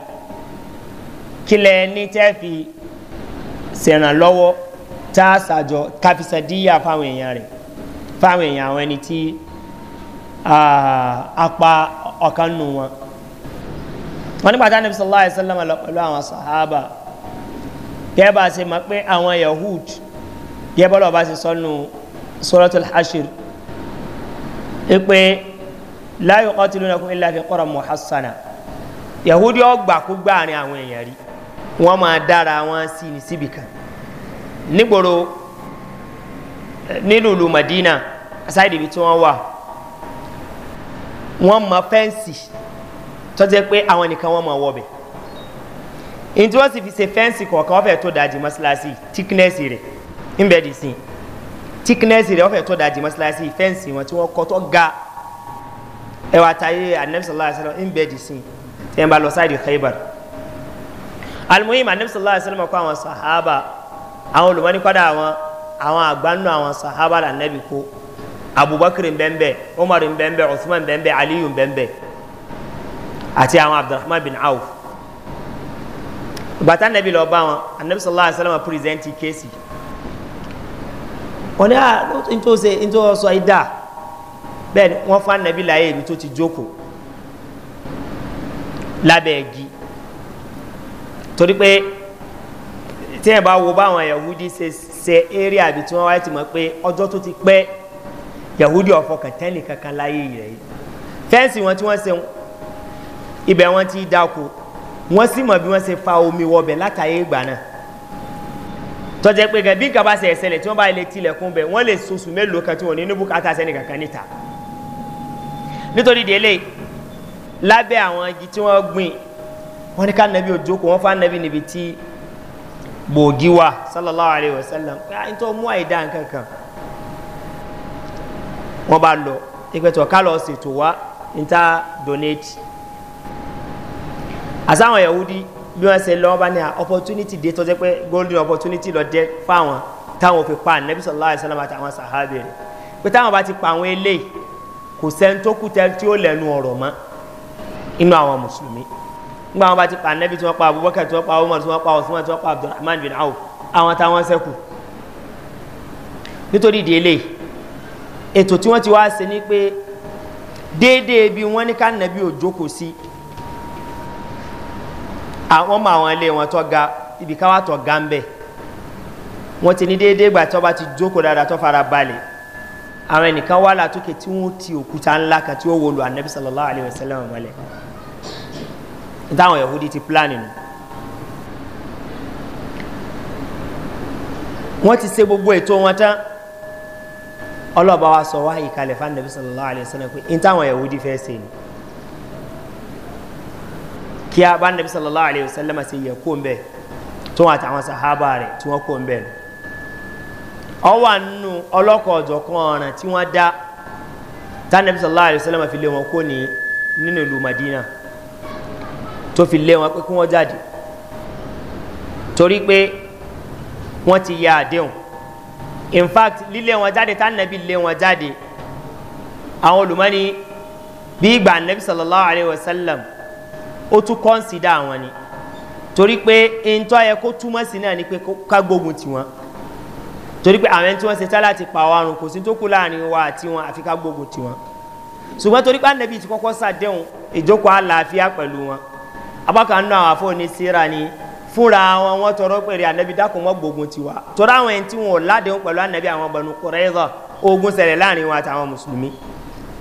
kílẹ̀ ní tẹ́ẹ̀fì ṣèrànlọ́wọ́ tá a ṣàjọ káfíṣàdíyà fáwọn èèyàn rẹ̀ fáwọn èèyàn àwọn ẹni tí apá ọ̀kan nù wọn. wọ́n nígbà tá a nàbísọ̀ láàyè sálàmà lọ pẹ̀lú àwọn sàhábà kẹ́ẹ́ ṣe mọ̀ pé àwọn yahood kẹ́ẹ́ bọ́lá ọba ṣe sọ́nu sọ́rọ́tò hashir ipe láyò kọ́tìlú náà kún ilé àfi kọ́ra muhassana yahood yóò gbà kú gbáàrin àwọn èèyàn rí wọ́n máa dára wọn sí ní síbi kan nígboro nílùú ìlú madina aside ibi tí wọ́n wà wọ́n mọ fẹ́ǹsì tó jẹ́ pé àwọn nìkan wọ́n mọ wọ́bẹ̀ èyí tí wọ́n sì fi ṣe fẹ́ǹsì kọ̀ọ̀kan wọ́n fẹ́ tó dájú mọ́ṣáláṣí thickness rẹ̀ ń sí i thickness rẹ ọfẹ tó da jì fẹǹsì wọn tí wọn kọ tó ga ẹwà táyé anabi sallallahu alayhi wa sallam ń sí ẹ lọ sáàdì khaybar alimuhim anabisalaam alayisalaam kó àwọn sahaba àwọn olùmọ́ni kọ́dà àwọn àwọn àgbánu àwọn sahaba la nabi kó abubakar bẹ́ẹ̀nbẹ́ umar bẹ́ẹ̀nbẹ́ usman bẹ́ẹ̀nbẹ́ aliyu bẹ́ẹ̀nbẹ́ àti àwọn abdulrahman bin awf bàtà nabi lọ bá wọn anabisalaam alayisalaam pírẹsẹ̀ntì kéésì wọn ni a ah, ntọ́ sẹ ntọ́ sọ yìí dáa bẹ́ẹ̀ ni wọ́n fún anabi láàyè ibi tó ti jókòó lábẹ́ ẹ̀gí torí pé tí ẹ bá wo báwọn yahudi ṣe ṣe eré àbí tí wọ́n wáyé ti mọ̀ pé ọjọ́ tó ti pẹ́ yahudi ọ̀fọkàn tẹ́lẹ̀ kankan láyé rẹ̀ fẹ́ǹsì wọn tí wọ́n ṣe ibẹ̀ wọn ti dáko wọ́n sì mọ̀ bí wọ́n ṣe fa omi wọbẹ̀ látàyè ìgbà náà tọ́jà pé gẹ̀bí nǹkan bá ṣe ẹ̀ṣẹ̀lẹ̀ tí wọ́n bá ilé tilẹ̀kùn bẹ̀ wọ́n lè soṣù mélòó kan tí wọ́n ní ní sẹ́ni kankan níta nítorí délé lábẹ́ àwọn igi tí wọ́n gbìn wọ́n ní ká nàbí òjò kò wọ́n fà nàbí níbi tí gbòógì wà sallallahu alayhi wa sallam ẹ̀ ń tọ́ mú àìdá nǹkan kan wọ́n bá lọ ìpẹ́tọ̀ ká lọ ṣètò wá níta donate àsáwọn yahudi bí wọ́n ṣe lọ́wọ́ bá ní opportunity dé tọ́jú pé golden opportunity lọ dé fáwọn táwọn fi pa ànábì sọ̀rọ̀ láàrin sálámà àtàwọn sàhábì rẹ̀ pé táwọn bá ti pa àwọn eléyìí kò sẹ́ni tó kú tẹ́ tí ó lẹ́nu ọ̀rọ̀ mọ́ inú àwọn mùsùlùmí nígbà wọn bá ti pa anabi tí wọn pa abubakar tí wọn pa umar tí wọn pa osman tí wọn pa abdulrahman bin awo àwọn táwọn sẹkù nítorí ìdí eléyìí ètò tí wọn ti wá ṣe ni pé déédéé bí wọn ní ká nàbí òjókòó sí àwọn ọmọ àwọn ilé wọn tó ga ibi káwá tó ga ń bẹ wọn ti ní déédéé gbà tó bá ti jókòó dáadáa tó fara balẹ̀ àwọn ẹnìkan wà látòkè tí wọn ti òkúta ńlá kan tí ó wọlò anabi sallallahu alayhi wa sallam wọlé táwọn yahudi ti plan nù wọ́n ti se gbogbo ètò wọn tán ọlọ́ọ̀bá wa sọ wáyé kalẹ̀ fún anabi sallallahu alayhi wa sallam pé n táwọn yahudi fẹ́ se ni kí a bá anabi sallallahu alayhi wa sallam ṣe yẹ kó n bẹ tó wọn àtàwọn sahaba rẹ tí wọn kó n bẹ ni ọwọ́ àánú ọlọ́kọ̀ ọ̀jọ̀ ọ̀ràn tí wọ́n dá tánàbí sallallahu alayhi wa sallam fi lé wọn kó ní nínú ìlú madina tó fi lé wọn pé kí wọ́n jáde torí pé wọ́n ti ya àdéhùn in fact lílé wọn jáde tá nàbí lé wọn jáde àwọn olùmọ́ni bí ìgbà nàbí sallallahu alayhi wa sallam ó tún kọ́ńsídà àwọn ni torí pé ntọ́ yẹ kó túmọ̀ sí náà ni pé ká gbógun tiwọn torí pé àwọn tí wọ́n ṣe tá láti pa àwọn àrùn kò sí tó kú láàrin wa àti wọn àfi ká gbógun tiwọn ṣùgbọ́n torí pé ànàbí ti kọ́kọ́ sàdéhùn ìjókòó àlàáfíà pẹ̀lú wọn. abákan náà àwọn afọ́ni síra ni fúnra wọn wọn tọrọ pèrè anabi dákun wọn gbogbo tiwa tọrọ àwọn ẹni tí wọn ò ládéhùn anabi àwọn bọ̀nù kúrẹ́zọ̀ ogun sẹlẹ̀ láàrin wọn àtàwọn mùsùlùmí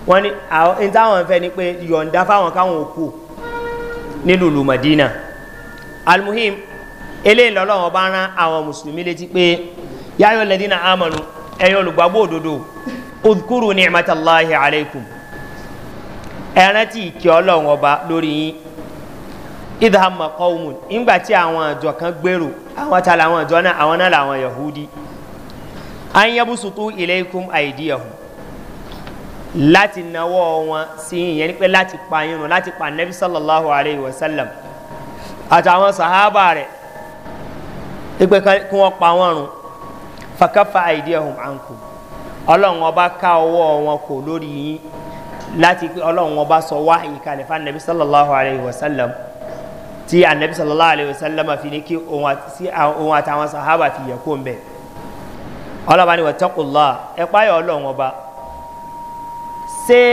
wọn ni àwọn ẹni táwọn fẹ́ ni pé yọ̀ǹda fáwọn káwọn òkú nílùú lùmọ̀dínà almuhim eléyìí bá rán àwọn mùsùlùmí létí pé lẹ́dínà amọ̀nù olùgbàgbọ́ òdodo aleikum idahama kọ́wùmù ńgbà tí àwọn àjọ kan gbèrò àwọn ta làwọn àjọ náà àwọn náà làwọn yahudi an yabusutu ilaykum aidiyahum láti nawọ́ wọn sí ìyẹn ni pé láti pa yín run láti pa nabi sallallahu alayhi wa sallam àtàwọn sàhábà rẹ̀ ìpè kí wọ́n pa wọ́n run fakafa aidiyahum ankum ọlọ́run ọba ká ọwọ́ wọn kò lórí yín láti ọlọ́run ọba sọ wá ìkàlẹ̀ fún anabi sallallahu alayhi wa tí anabi sallallahu alayhi wa sallam fi ni kí òun àtàwọn sahaba fi yẹ kó n bẹ ọlọ́ba ni wàtakùlá ẹ̀páyọ̀ ọlọ́run ọba ṣé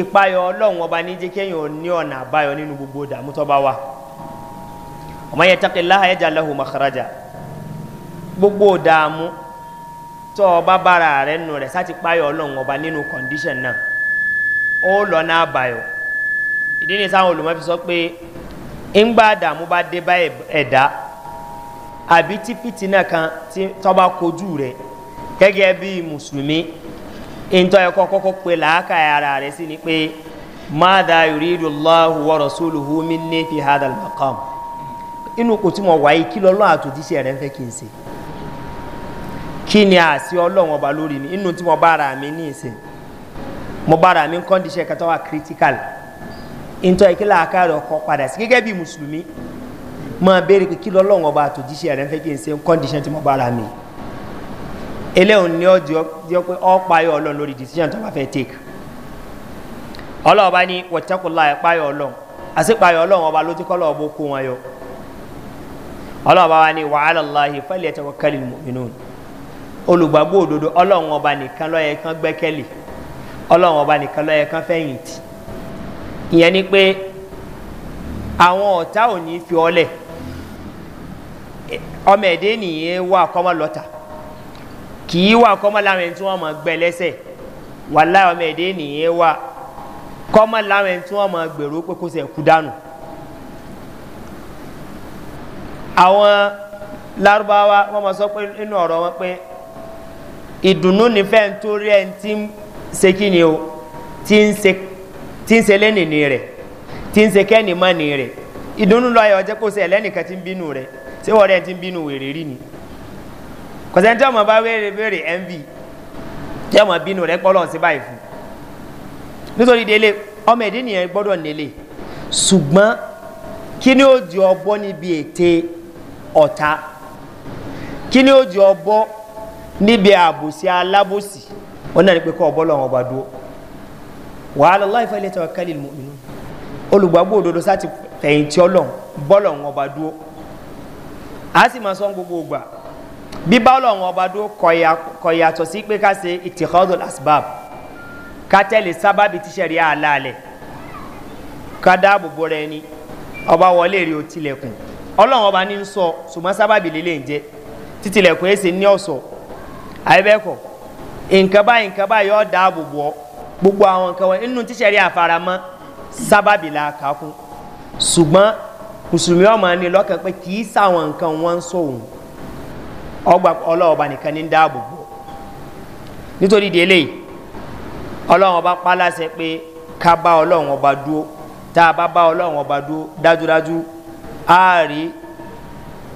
ìpáyọ̀ ọlọ́run ọba ní jẹ́ kéèyàn ò ní ọ̀nà àbáyọ nínú gbogbo ìdààmú tó bá wà ọmọ yẹn takìlá ayẹjà lọ́hùn makaraja gbogbo ìdààmú tó ọba bára rẹ̀ nù rẹ̀ sáti páyọ̀ ọlọ́run ọba nínú kọ̀ndíṣàn náà ó lọ náà àbáyọ ìdí ni sáwọn olùmọ́ fi sọ pé. ńgbà àdààmú bá dé bá ẹ̀dá àbí tí fìtínà kan tí tọ́ba koju rẹ̀ gẹ́gẹ́ bí mùsùlùmí ntọ́ ẹ̀kọ́ kọ́kọ́ pé làákà ara rẹ̀ si ni pe maada yorùdù allahu wa rasuluhu mi ní fi hadha maqam inú mo wáyé kí lọ́lọ́ àtòjíṣẹ́ se ń fẹ́ kí ni mi mo mi mo baara mi ntọ́ ìkílà àkàrẹ̀ ọkọ̀ padà sí gẹ́gẹ́ bí mùsùlùmí máa béèrè pé kí lọ́lọ́wọ́n ọba àtòjíṣẹ́ rẹ̀ ń fẹ́ kí n ṣe kọ́ndíṣẹ́ tí mo bá ra mi eléyìí ni ó jẹ́ pé ọ́ payọ̀ ọlọ́run lórí decision tó bá fẹ́ take ọlọ́ọ̀bá ní wọ̀tẹ́kùnlá ẹ̀ payọ̀ ọlọ́run àsìpayọ̀ ọlọ́run ọba ló ti kọ́ lọ́ọ̀bù kó wọn yọ ọlọ́ọ̀bá wa ní wàhálà láàyè fẹ́lẹ̀ ẹ̀tẹ̀ wọ́n kẹ́lì nínú olùgbàgbọ́ òdodo ọlọ́run ọba nìkan lọ́yẹ̀ kan gbẹ́kẹ́lì ọlọ́run ọba nìkan lọ́yẹ̀ kan fẹ́yìntì ìyẹn ni pé àwọn ọ̀tá ò ní fi ọ́ lẹ̀ ọmọ ẹ̀dẹ́ nìyẹn wà kọ́mọ́ lọ́tà kì í wà kọ́mọ́ láwọn ẹni tí wọ́n mọ̀ gbẹ lẹ́sẹ̀ wà láwọn ọmọ ẹ̀dẹ́ nìyẹn wà kọ́mọ́ láwọn ẹni tí wọ́n mọ̀ gbèrú pé kó sẹ̀ kú dànù. àwọn larubawa wọn mọ sọ pé nínú ọ̀rọ̀ wọn pé ìdùnnú nífẹ̀ẹ́ nítorí ẹ̀ ń ti ń ṣe kí ni o ti ń ṣe tí ń se lẹ́nìní rẹ̀ tí ń se kẹ́ni mọ́ni rẹ̀ ìdùnnú lọ ayọ̀ jẹ́ kó se ẹlẹ́nìkan tí ń bínú rẹ̀ ṣé wọ́n rẹ̀ tí ń bínú wèrè rí ni kọ̀sẹ́ntì ọmọ bá wéèrè béèrè mv tí ọmọ bínú rẹ̀ pọ́ lọ́n sí báyìí fún nítorí délé ọmọ ìdí nìyẹn gbọ́dọ̀ nílé ṣùgbọ́n kí ni ó di ọbọ̀ níbi ète ọ̀tá kí ni ó di ọbọ̀ níbi àbòsí alábòsí ó náà ní pé kọ́ ọbọ̀ lọ́wọ́ ọba dúró wa ala Allahi falyatawakkalil mu'minun olùgbàgbọ́ òdodo sáti fẹ̀yìntì ọlọ́run bọ́lọ̀ wọn ọba dúró a sì máa sọ gbogbo ògbà bí bọ́lọ̀ wọn ọba dúró kọ̀ yàtọ̀ sí pé ká ṣe ìtìkọ́dọ̀ asbab ká tẹ̀lé sábàbí tíṣẹ̀rí àlàálẹ̀ ká dáàbò bo rẹ ni ọba wọlé rí o tilẹ̀kùn ọlọ́run ọba ní ń sọ ṣùgbọ́n sábàbí lè lè ń jẹ títílẹ̀kùn èsì ní ọ̀sọ̀ àyẹ̀bẹ̀kọ̀ ọ̀ gbogbo àwọn nǹkan wọn inú tíṣẹ́ rí àfaramọ́ sábàbí la kà kún ṣùgbọ́n mùsùlùmí ọmọ ni lọ́kàn pé kì í sáwọn nǹkan wọn ń sóhun ọgbà ọlọ́ọ̀ba nìkan ní dáàbò bò nítorí délé ọlọ́run ọba pálásẹ pé ká bá ọlọ́run ọba dúó tá a bá bá ọlọ́run ọba dúó dájúdájú á rí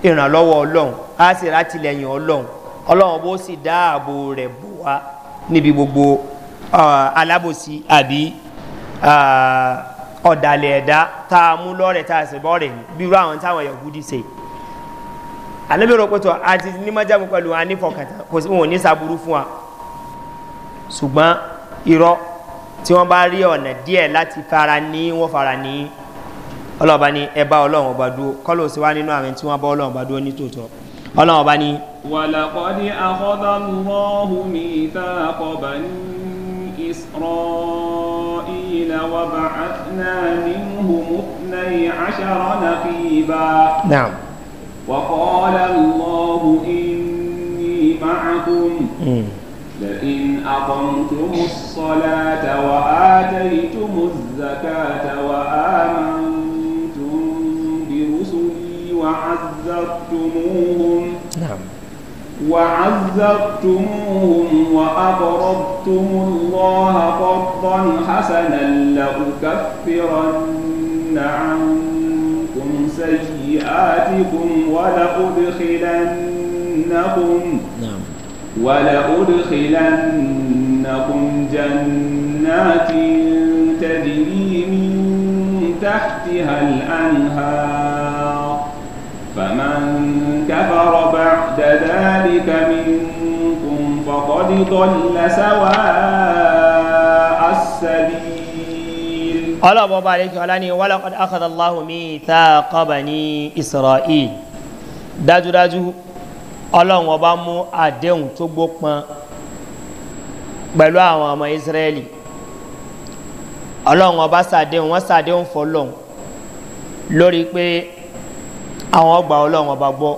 ìrànlọ́wọ́ ọlọ́run á sì rátìlẹ́yìn ọlọ́run ọlọ́run bó sì dáàbò rẹ̀ bò wá níbi gbogbo Ah, alábòsí àbí ah, ọ̀dàlẹ̀ ẹ̀dá tá a mú lọ́rẹ̀ tá a sì bọ́rẹ̀ ní bí irú àwọn táwọn yahudi ṣe alábẹ̀rẹ̀ pẹ̀tọ̀ àti nímọ̀jáde pẹ̀lú wa nífọ̀kàtà kò sí wọn ò ní sàbúrú fún wa ṣùgbọ́n irọ́ tí wọ́n bá rí ọ̀nà díẹ̀ láti fara ní wọ́n fara ní ọlọ́ọ̀bá ní ẹ̀bá ọlọ́run ọba dúró kọ́lọ̀ sí wá nínú àwọn tí wọ́n bá ọlọ́run ọba dúró ní tòótọ́ ọlọ́run ọba ní. wàlàkọ́ ní akọ́dọ̀ lọ́hùn mi ìta àkọ́bà ní. إسرائيل وبعثنا منهم اثني عشر نقيبا نعم وقال الله إني معكم لئن أقمتم الصلاة وآتيتم الزكاة وآمنتم برسلي وعزرتموهم نعم وعذبتموهم وأقرضتم الله قرضا حسنا لأكفرن عنكم سيئاتكم ولأدخلنكم نعم ولأدخلنكم جنات تجري من تحتها الأنهار ضل سواء السبيل الله بابا عليك ولاني ولقد أخذ الله ميثاق بني إسرائيل dájú dájú ọlọ́run ọba mú àdéhùn tó gbópọn pẹ̀lú àwọn ọmọ ìsírẹ́lì ọlọ́run ọba sàdéhùn wọ́n sàdéhùn fọlọ́hùn lórí pé àwọn ọgbà ọlọ́run ọba gbọ́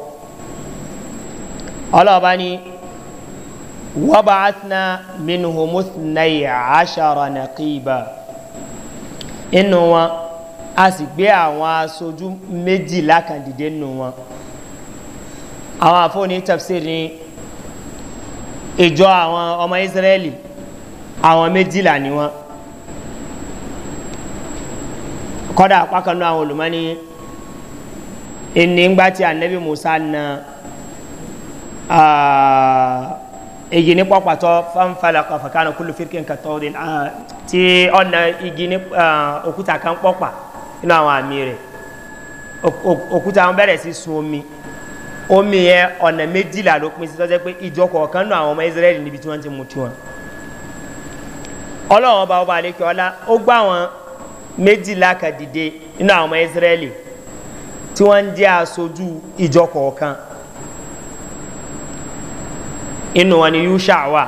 ọlọ́ọ̀ba ni. وبعثنا منهم اثني عشر نقيبا إنه wọn a sì gbé àwọn aṣojú méjìlá kan dìde nù wọn àwọn àfọwọ́ni tafsir ní ìjọ àwọn ọmọ israẹli àwọn méjìlá ni wọn kọ́dà apákanú àwọn olùmọ́ni ìnígbà tí anabi musa na. Ah, igi ní pọ́pàtọ́ fanfalakọ̀ fàkànà kúlù fírkì nǹkan tọ́ ọdún tí ọ̀nà igi ní òkúta kan pọ́pà nínú àwọn àmì rẹ̀ òkúta wọn bẹ̀rẹ̀ sí sun omi omi yẹn ọ̀nà méjìlá ló pin sí tọ́jẹ́ pé ìjọ kọ̀ọ̀kan náà àwọn ọmọ israẹli níbi tí wọ́n ti mú tiwọn ọlọ́run ọba ọba àlekè ọlá ó gbá wọn méjìlá kan nínú àwọn ọmọ israẹli tí wọ́n ń jẹ́ aṣojú ìjọ kọ̀ọ̀kan inú wọn ni yusha wà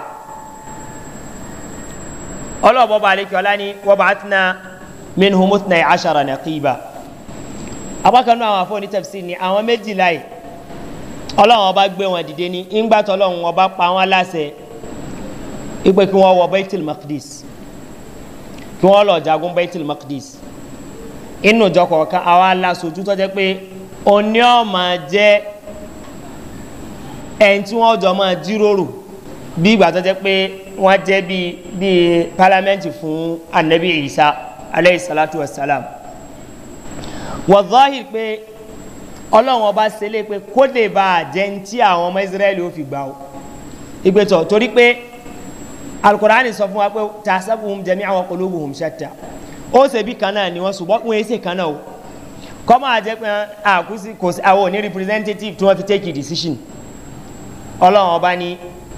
ọlọ́ọ̀bọ̀ bá alẹ́ kí ọlá ni wọ́n bá tẹ̀ náà min humutna ashara naqiba abakanu àwọn afọ onítẹ̀fisì ni àwọn méjìlá yìí ọlọ́run ọba gbé wọn dìde ní ńgbàtọ́ ọlọ́run ọba pa wọn láṣẹ ìpè kí wọ́n wọ baitul makdis kí wọ́n lọ jagun baitul makdis inú ìjọ kọ̀ọ̀kan àwa la sojú tọ́jẹ́ pé oní jẹ́ ẹni tí wọ́n jọ máa jíròrò bí ìgbà tó jẹ́ pé wọ́n jẹ́ bíi bíi pálámẹ́ǹtì fún anabi isa aleyhi salatu wa salam wọ́n zọ́hìr pé ọlọ́run ọba ṣẹlẹ̀ pé kó lè bá a jẹ́ ní tí àwọn ọmọ israẹli ò fi gbà ó ìgbẹ́tọ̀ torí pé alukoraani sọ fún wa pé tàṣàbùhùn jẹ̀mí àwọn olóhùn ṣẹta ó ṣe bí kan náà ni wọ́n ṣùgbọ́n wọ́n ṣe kan náà o kọ́mọ́ àjẹpẹ́ àkúsí ah, kò sí àwọn òní representative tí wọ́n fi take a decision ọlọ́run ọba ní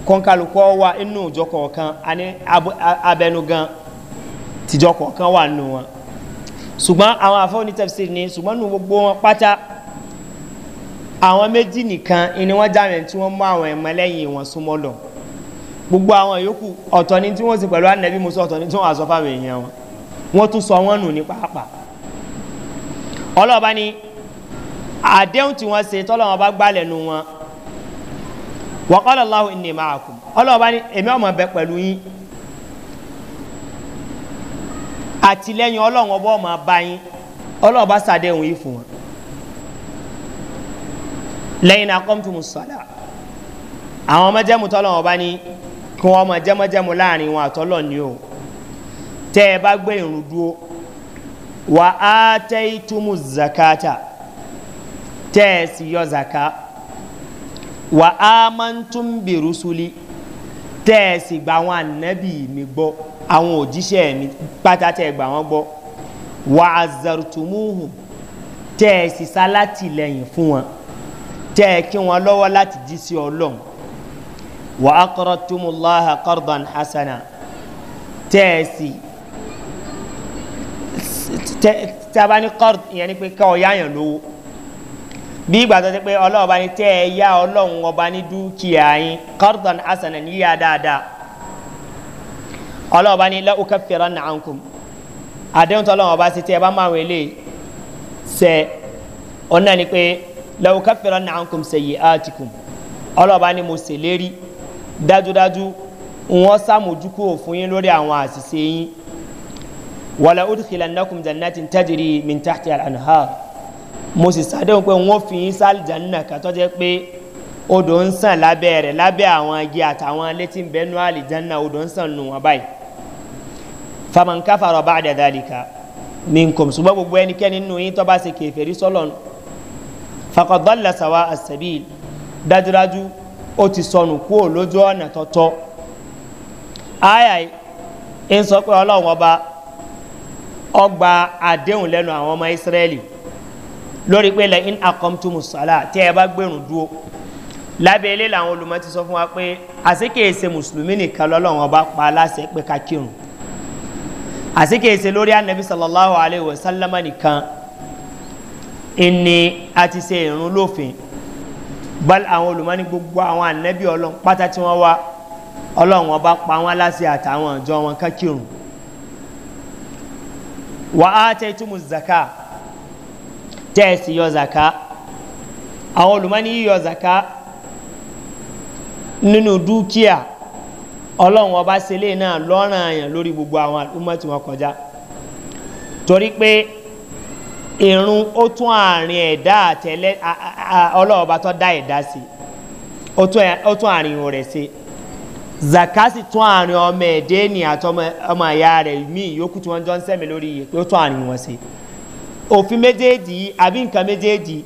kọ́ńkálukọ́ wa inú ìjọ kọ̀ọ̀kan àní abẹnugan tìjọ kọ̀ọ̀kan wà nù wọn ṣùgbọ́n àwọn afọ́ni tẹ̀sí ni ṣùgbọ́n nù gbogbo wọn pátá àwọn méjì nìkan ni wọ́n jáwèé tí wọ́n mú àwọn ẹ̀mọ́ lẹ́yìn wọn súnmọ́ lọ gbogbo àwọn yòókù ọ̀tọ̀ ni tí wọ́n sì pẹ̀lú ànẹ́bí musa ọ̀tọ̀ ni tí wọ́n àsọ fáwọn èèyàn wọn wọ́n tún sọ wọ́n nù ní pàápàá ọlọ́ọ̀bá ni àdéhùn tí wọ́n ṣe tọ́lọ́wọ́n bá gbálẹ̀ nu wọn wàkàlà allahu inni maakum ọlọ́ọ̀bá ni èmi ọmọ bẹ pẹ̀lú yín àtìlẹ́yìn ọlọ́run ọba ọmọ bá yín ọlọ́ọ̀bá sàdéhùn yìí fún wọn lẹ́yìn náà kọ́mtù musala àwọn ọmọ jẹ́mu tọ́lọ́run ọba ni kí wọ́n ọmọ jẹ́mọ́jẹ́mu láàrin wọn àtọ́lọ́ ni o tẹ́ ẹ bá irun dúró wà á tẹ́ ìtumù zakata tẹ́ ẹ sì zakata wà á máa ń tún bi rusuli tẹ́ ẹ sì gba àwọn ànábì mi gbọ́ àwọn òjíṣẹ́ mi pátá tẹ́ ẹ gbà wọ́n gbọ́ wà á zartumuhu tẹ́ ẹ sì sá látìlẹ́yìn fún wọn tẹ́ ẹ kí wọn lọ́wọ́ láti jí sí ọlọ́run wà á tumulaha kọ́rọ̀dán hasana tẹ́ ẹ sì tẹ́ tabani kọ́rọ̀ yẹn ni pé ká yáyàn lówó bí ìgbà tó ti pé ọlọ́run ọba ni tẹ́ ẹ yá ọlọ́run ọba ní dúkìá yín kọ́ńtàn asana níyà dáadáa ọlọ́run ọba ni lẹ́wọ́ kẹfìrán náà ń kùn àdéhùn tó ọlọ́run ọba ti tẹ́ ẹ bá máa wọlé sẹ ọ̀nà ni pé lẹ́wọ́ kẹfìrán náà ń kùn àtìkùn ọlọ́run ni mo sì lérí dájúdájú wọn sàmójúkú òfin yín lórí àwọn àṣìṣe yín wàlẹ́ ó ti kìlẹ̀ nàkùn mo sì sàdéhùn pé wọ́n fi yín sálìjà nínú ẹ̀ka tó jẹ́ pé odò ń sàn lábẹ́ rẹ̀ lábẹ́ àwọn igi àtàwọn létí ń bẹnu àlìjánná odò ń sàn nù wọn báyìí famankáfàrọ̀ bá àdàdàlìkà mi n kò ṣùgbọ́n gbogbo ẹnikẹ́ni nínú yín tó bá ṣe kèfèrí sọ́lọ̀ fakọ̀dọ́là sàwa àṣẹbí dájúdájú ó ti sọnù kúrò lójú ọ̀nà tọ́tọ́ ayai ń sọ pé ọlọ́run ọba ọgbà àdéhùn lẹ́nu àwọn ọmọ lórí pé lẹ́yìn akọ́mtumùsálà tí ẹ bá gbẹ̀rún dúró lábẹ́ ilé làwọn olùmọ̀ ti sọ fún wa pé àsìkèèsè mùsùlùmí nìkan lọ́lọ́run ọba pa aláṣẹ pé ká kírun àsìkèèsè lórí anabi sallallahu alayhi wa sallama nìkan ìní àti ṣe ìrún lófin bal àwọn olùmọ̀ ní gbogbo àwọn anabi ọlọ́run pátá tí wọ́n wá ọlọ́run ọba pa wọn aláṣẹ àtàwọn ọ̀jọ́ wọn ká kírun wàá tẹ́ túmù tẹ́ ẹ sì yọ zaka àwọn olùmọ́ni yíyọ zaka nínú dúkìá ọlọ́run ọba sẹlẹ̀ náà lọ́ràn àyàn lórí gbogbo àwọn àlùmọ́ tí wọ́n kọjá torí pé irun ó tún àárín ẹ̀dá àtẹlẹ ọlọ́ọ̀ba tó dá ẹ̀dá sí ó tún àárín rẹ̀ sí zaka sì tún àárín ọmọ ẹ̀dẹ́ ènìyàn àtọmọ ẹ̀yà rẹ̀ míì yòókù tí wọ́n jọ ń sẹ́mi lórí iye pé ó tún àárín wọn sí i òfin méjèèjì àbí nǹkan méjèèjì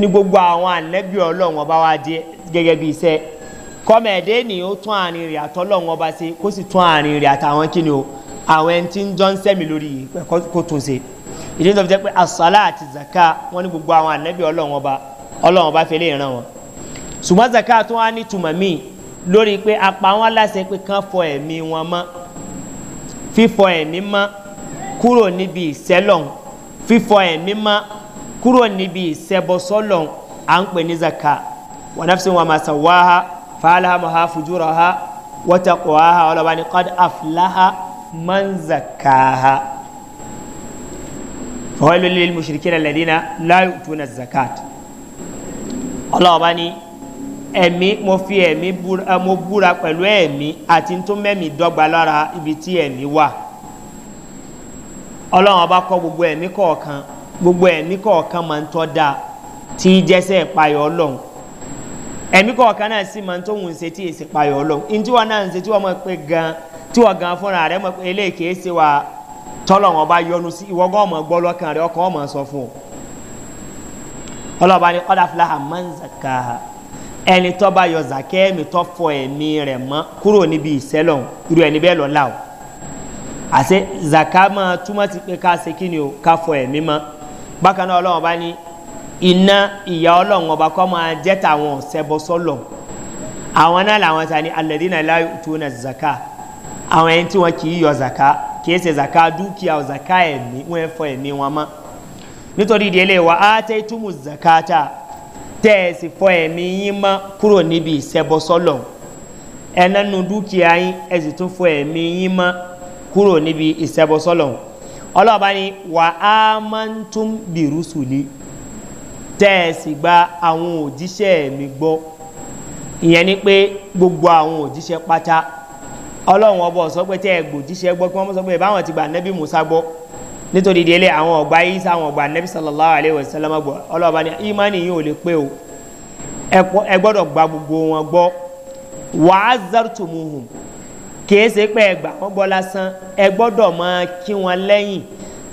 ní gbogbo àwọn ànẹ́bí ọlọ́run ọba wa jẹ gẹ́gẹ́ bí iṣẹ́ kọ́mẹ̀ẹ́dẹ́ ni ó tún àárín rẹ̀ àtọ́lọ́run ọba ṣe kó sì tún àárín rẹ̀ àtàwọn kíni o àwọn ẹni tí ń jọ ń sẹ́mi lórí yìí kó tún ṣe ìdí tó fi jẹ́ pé asọ́lá àti zaka wọ́n ní gbogbo àwọn ànẹ́bí ọlọ́run ọba ọlọ́run ọba fẹ́lẹ́ ìran wọn ṣùgbọ́n zaka tó wá ní tùmọ̀ míì lórí pé apá wọn láṣẹ pé kán fọ ẹ̀mí wọn mọ́ fífọ ẹ̀mí mọ́ kúrò níbi ìṣẹ́lọ̀hún fífọ ẹ̀mí mọ́ kúrò níbi ìṣẹ́bọ sọ́lọ̀ à ń pè ní zaka wọn náà fi wọn máa sàn wá ha fàálàmù ha fùjúrà ha wọ́tàkọ̀ ha ọlọ́ba ní kọ́d àfúláha man zaka ha. fọwọ́n lórí mushrikina lẹ́dínà láyò tó na zakat ọlọ́ba ní ẹ̀mí mo fi ẹ̀mí mo búra pẹ̀lú ẹ̀mí àti tó mẹ́mí dọ́gba lára ibi tí ẹ̀mí wà ọlọ́run ọba kọ́ gbogbo ẹ̀mí kọ̀ọ̀kan gbogbo ẹ̀mí kọ̀ọ̀kan máa ń tọ́ da tí jẹ́sẹ̀ payọ̀ ọlọ́run ẹ̀mí kọ̀ọ̀kan náà sì máa ń tó wùn ṣe tí èsì payọ̀ ọlọ́run ní tí wọ́n náà ń ṣe tí wọ́n mọ̀ pé gan tí wọ́n gan fúnra rẹ̀ mọ̀ pé eléyìí kìí ṣe wa tọ́lọ́run ọba yọnu sí ìwọ gan ọmọ gbọ́ lọ́kàn rẹ̀ ọkàn ọmọ sọ fún ọ ọlọ́ba ni ọ̀dà filaha àṣẹ zaka máa túmọ̀ sí pé ká ṣe kí ni o ká fọ ẹ̀mí mọ́ bákan náà ọlọ́run bá ní iná ìyá ọlọ́run ọba kọ́ máa jẹ́ tàwọn ṣẹbọ sọ́lọ̀ àwọn náà làwọn ta ni alẹ́dínà láyò tó na zaka àwọn ẹni tí wọn kì í yọ zaka kì í ṣe zaka dúkìá o zaka ẹ̀mí wọn fọ ẹ̀mí wọn mọ́ nítorí ìdí ẹlẹ́yìn wa á tẹ́ túmù zakata tẹ́ ẹ sì fọ ẹ̀mí yín mọ́ kúrò níbi ìṣẹbọ sọ́lọ̀ ẹ̀nánú dúkìá yín ẹ sì tún fọ ẹ̀mí yín mọ́ kúrò níbi ìṣẹ́bọsọ́lọ̀ ọlọ́ọ̀bá ni wà á máa ń tún bìrù sùlẹ̀ tẹ́ ẹ sì gba àwọn òjíṣẹ́ mi gbọ́ ìyẹn ni pé gbogbo àwọn òjíṣẹ́ pátá ọlọ́run ọba ọ̀sọ́ pé tẹ́ ẹ gbòjíṣẹ́ gbọ́ kí wọ́n sọ pé báwọn ti gbà nẹ́bí musa gbọ́ nítorí délé àwọn ọ̀gbà isa àwọn ọ̀gbà nẹ́bí sallallahu alayhi wa sallam gbọ́ ọlọ́ọ̀bá ni imani yìí ò lè pé o ẹ gbọ́dọ̀ gba gbogbo wọn gbọ́ wàá zartumuhum kìí ṣe pé ẹgbà wọn gbọ́ lásán ẹ gbọ́dọ̀ máa kí wọn lẹ́yìn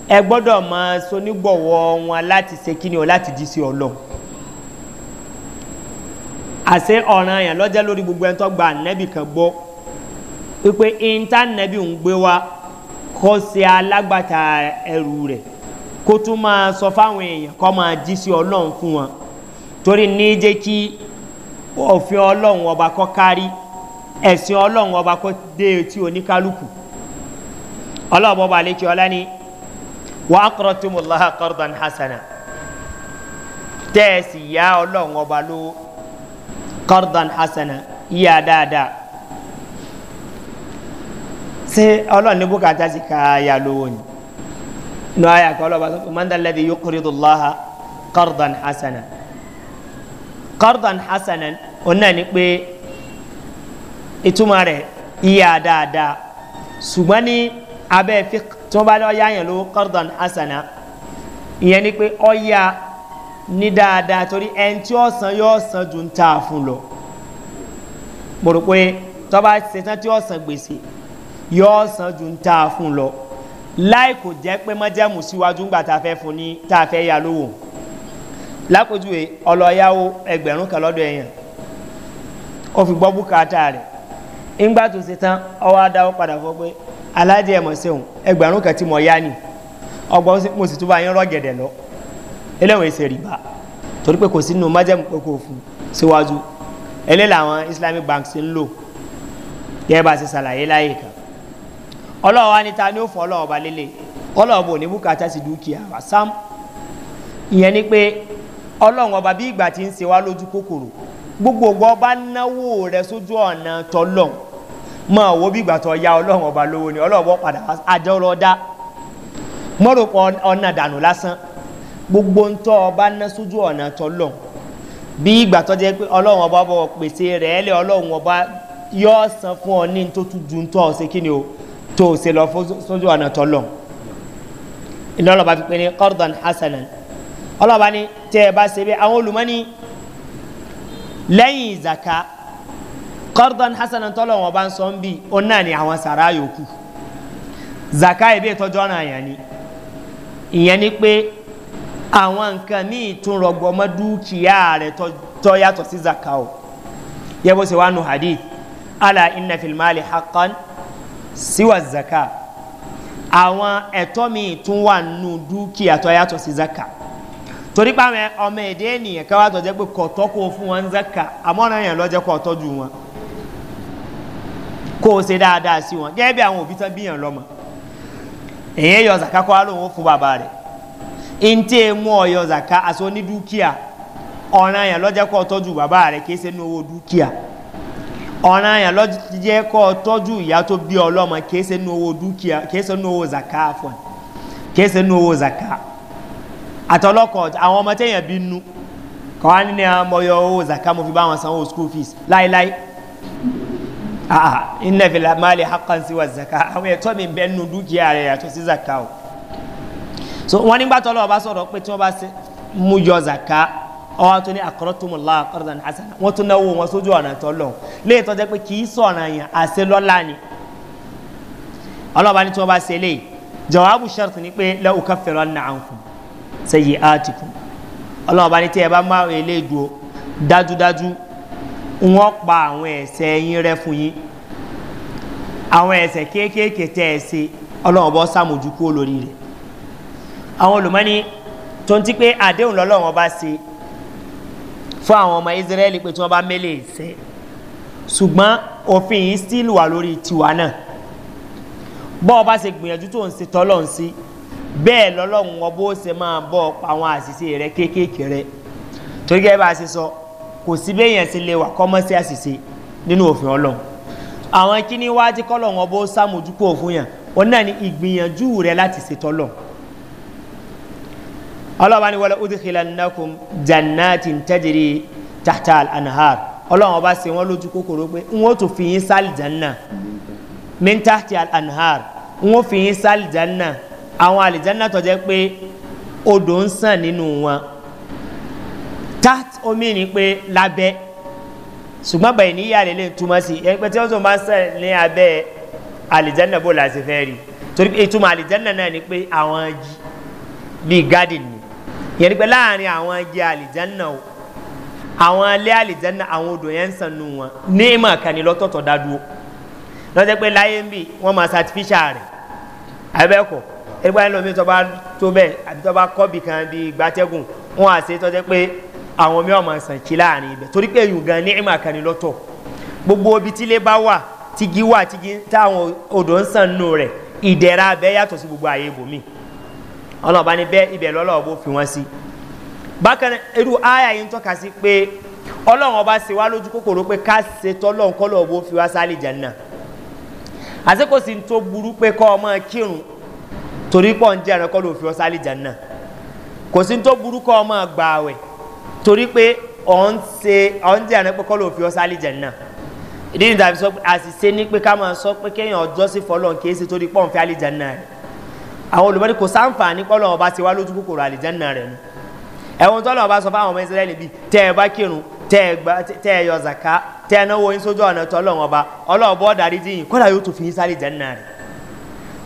ẹ gbọ́dọ̀ máa sonígbọ̀wọ́ wọn láti ṣe kíni o láti di sí ọlọ́ àṣẹ ọ̀ràn yẹn lọ́jẹ́ lórí gbogbo ẹni tó gba ànẹ́bì kan gbọ́ wípé íńtánẹ́bì ń gbé wa kó ṣe alágbàtà ẹrù rẹ̀ kó tún máa sọ fáwọn èèyàn kọ́ máa jí sí ọlọ́run fún wọn torí ní jẹ́ kí òfin ọlọ́run ọba kọ́ kárí. ẹ̀sìn ọlọ́run ọba kó dé etí oníkálukú ọlọ́run ọba àlejò ọlá ni wà á kọ́rọ́ tó mọ̀ lọ́hà kọ́rọ́dán hasana tẹ́ ẹ sì yá ọlọ́run ọba ló kọ́rọ́dán hasana yíyá dáadáa ṣé ọlọ́run ní bùkátà sí ká yà lówó ni nù ayà kọ́ ọlọ́run ọba sọ fún mandaladi yóò kúrò hasana kọ́rọ́dán hasana ọ̀nà ni pé ìtumọ̀ rẹ̀ ìyá dáadáa ṣùgbọ́n ní abẹ́ fi tí wọ́n bá lọ yáyàn ló kọ́rdọ̀n asana ìyẹn ni pé ọ̀ya ní dáadáa torí ẹni tí ọ̀sán yóò san ju ń ta fún lọ mo rò pé tó bá ṣetán tí ọ̀sán gbèsè yóò san ju ń ta fún lọ láì kò jẹ́ pé mọ́jẹ́mù síwájú ńgbà tá a fẹ́ fún ní tá a fẹ́ ya lówó lápòjúwe ọlọ́yàwó ẹgbẹ̀rún kan lọ́dọ̀ ẹ̀yàn ó fi gbọ́ bùkátà rẹ̀ ńgbà tó ṣe tán ọwọ́ adáwọ́ padà fọ pé alájẹ ẹ̀mọ̀ sẹ́wọ̀n ẹgbẹ̀rún kan tí mo yá ni ọgbọ́n mo sì tún bá yín rọ́gẹ̀dẹ̀ lọ eléwọ̀n ẹsẹ̀ rìbá torí pé kò sí nínú májẹ̀mú pé kò fún síwájú eléyìí làwọn islamic banks ń lò gẹ́gẹ́ bá a ṣe ṣàlàyé láyè kan ọlọ́wọ́ wa ni ta ni ó fọ́ ọlọ́wọ́ ba lélẹ̀ ọlọ́wọ́ bò ní bùkátà sí dúkìá wa sam ìyẹn ni pé ọlọ́wọ́ ọba bí ìgbà tí ń ṣe wá lójú kòkòrò gbogbo ọba náwó rẹ sójú ọ̀nà tọ́lọ́wọ́ máa wo bí ìgbà ya ọlọ́run ọba lówó ni ọlọ́run ọba padà àjọ lọ dá mọ́rọ̀pọ̀ ọ̀nà dànù lásán gbogbo ń tọ́ ọba ná sójú ọ̀nà tọ́lọ̀ bí ìgbà tó jẹ́ pé ọlọ́run ọba bọ̀ pèsè rẹ̀ ẹ́lẹ̀ ọlọ́run ọba yọ san fún ọ ní tó tún ju tó ṣe kí ni o tó ṣe lọ sójú ọ̀nà tọ́lọ̀ iná ọlọ́ba fi pè ní kọ́rdọ̀n hasanan ọlọ́ba ni tẹ́ ẹ bá ṣe bí àwọn olùmọ́ni lẹ́yìn ìzàká kọ́rdọ̀n hasanan tọ́lọ̀ wọn bá ń sọ ń bì ó náà ni àwọn sàrá yòókù zaka ìbí ìtọ́jú ọ̀ràn àyàn ni ìyẹn ni pé àwọn nǹkan míì tún rọgbọ mọ́ dúkìá rẹ̀ tọ́ yàtọ̀ sí zaka o yẹ bó ṣe wá nu hadith ala inna filimali haqqan siwa zaka àwọn ẹ̀tọ́ míì tún wà nù dúkìá tọ́ yàtọ̀ sí zaka torí pé àwọn ọmọ èdè ènìyàn káwá tọ́jú pé kọ̀tọ́ kó fún wọn zaka àmọ́ ọ̀ràn yẹn lọ́jọ́ kó ọ̀tọ́jú wọn kó o ṣe dáadáa sí wọn jẹ́ bí àwọn òbí tán bíyàn lọ́mọ èyàn yọ zaka kó alóhùn ó fún bàbá rẹ̀ ntẹ́ mú ọ yọ zaka àti onídúkìá ọ̀ràn yẹn lọ́jẹ́ kó o tọ́jú bàbá rẹ̀ kì í ṣe ní owó dúkìá ọ̀ràn yẹn lọ́jẹ́ kó o tọ́jú ìyá tó bí ọlọ́mọ kì í ṣe ní owó dúkìá kì í ṣe ní owó zaka fún kì í ṣe ní owó zaka àtọlọ́kọ̀ àwọn ọmọ tẹ̀yàn bí nu kọ́ wá nínú àwọn ọmọ yọ owó zaka mo fi bá wọn sanwó school fees láéláé a'a ah, inna fil amali haqqan siwa zaka àwọn ẹ̀tọ́ mi bẹ nu dúkìá rẹ̀ yàtọ̀ sí zaka o so wọn nígbà tó lọ́wọ́ bá sọ̀rọ̀ pé tí wọ́n bá mú yọ zaka ọwọ́ tó ní akọrọ́tùmùlá akọrọ́tàn hasan wọ́n tún náwó wọn sójú ọ̀nà tó lọ léyìí tó jẹ́ pé kì í sọ̀rọ̀ yẹn àṣẹ lọ́la ni ọlọ́ba ní tí wọ́n bá ṣe lé jawabu shart ni pé lẹ́wọ́ káfẹ́rọ́ ní àǹkùn sẹ́yìn áàtìkù ọlọ́ba ní tí ẹ bá má eléèdúró dájúdájú wọ́n pa àwọn ẹ̀sẹ̀ yín rẹ́ fún yín àwọn ẹ̀sẹ̀ kéékèèké tẹ́ ẹ ṣe ọlọ́run bọ́ sàmójú kúrò lórí rẹ̀ àwọn olùmọ́ni tó ń ti pé àdéhùn lọ́lọ́run bá ṣe fún àwọn ọmọ israẹli pé tí wọ́n bá mélé ẹ̀sẹ̀ ṣùgbọ́n òfin yìí still wà lórí tiwa náà bọ́ ọ bá ṣe gbìyànjú tó ń ṣe tọ́lọ́ ń sí bẹ́ẹ̀ lọ́lọ́run wọn bó ṣe máa bọ́ ọ àwọn àṣìṣe rẹ kéékèèké rẹ torí gẹ́gẹ́ bá a ṣe sọ so, kò sí bẹ́yẹn sí lè wà kọ́mọ́sí àṣìṣe nínú òfin ọlọ́run àwọn kíní wá tí kọ́lọ̀ wọn bó sàmójúkú òfin yẹn wọn náà ní ìgbìyànjú rẹ láti ṣètọ́ lọ. ọlọ́wà ni wọlé udikila nnakum jannati ntẹ́jìrì tahtal anahar ọlọ́wọ́n bá ṣe wọ́n lójú kòkòrò pé n ó tún fi yín sáàlì janna min tahtal anahar n ó fi yín sáàlì janna àwọn àlìjanna tọ́jẹ́ pé odò ń sàn nínú wọn. Tat omi ni pé labẹ́ ṣùgbọ́n bẹ̀yìn ní ìyá lélẹ̀ túmọ̀ sí ẹgbẹ́ tí wọ́n tún máa ń sẹ̀ ní abẹ́ alìjẹ́nà bó láti fẹ́ rí torí ìtumọ̀ alìjẹ́nà náà ni pé àwọn jí bíi garden ni yẹn ni pé láàrin àwọn jí alìjẹ́nà o àwọn alẹ́ alìjẹ́nà àwọn odò yẹn ń sàn nù wọn ní ìmọ̀ kan ni lọ́tọ̀ọ̀tọ̀ dádúró lọ́sẹ̀ pé láyé ń bì wọ́n máa satifíṣà rẹ̀ abẹ́kọ̀ ẹgbẹ́ ẹlòmíì tó bá tó bẹ́ẹ̀ àbí tó bá kọ́ bì bíi gbàtẹ́gùn wọn àṣetọ́jẹ́ pé àwọn mi ọmọ sàn kí láàrin ibẹ̀ torí pé ẹ̀yùn gan ní ìmọ̀ kan lọ́tọ̀ gbogbo ibi tí ilé bá wà tigi wà tigi táwọn odò ń sàn nù rẹ̀ ìdẹ̀ra abẹ́ yàtọ̀ sí gbogbo ààyè ibòmí ọlọ́ọ̀bá ni bẹ́ẹ̀ ibẹ̀ lọ́lọ́ọ̀ bó fi wọ́n sí bákan irú àyà yìí ń tọ́ka sí pé ọlọ́run ọba ṣe wá lójú kòkòrò pé ká ṣe tọ́lọ́run kọ́lọ́ bó fi wá sálì jẹ́nà àsìkò sì ń tó burú pé kọ́ ọmọ kírun torí pọ̀ ń jẹ́ ẹ̀rọ kọ́lọ́ fi wá sálì jẹ́nà kò sí ń tó burú kọ́ ọmọ gbààwẹ̀ torí pé ọ̀n ṣe ọ̀n jẹ́ àná pé kọ́ ló fi ọ́ sálì jẹ̀ náà ìdí nìta fi sọ pé àṣìṣe ní pé ká máa sọ pé kéèyàn ọjọ́ sí fọlọ́n kì í ṣe torí pọ́ùn fi àlìjẹ̀ náà rẹ̀ àwọn olùmọ́ni kò sáǹfààní kọ́lọ́ ọba ti wá lójú kòkòrò àlìjẹ̀ náà rẹ̀ mu ẹ̀wọ̀n tọ́lọ́ ọba sọ fáwọn ọmọ ìsirẹ́lì bíi tẹ́ ẹ bá kírun tẹ́ ẹ yọ zaka ẹ náwó yín sójú ọ̀nà tọ́lọ́ ọba ọlọ́ọ̀bọ darí dín yín kọ́lá yóò tún fi yín sálì náà rẹ̀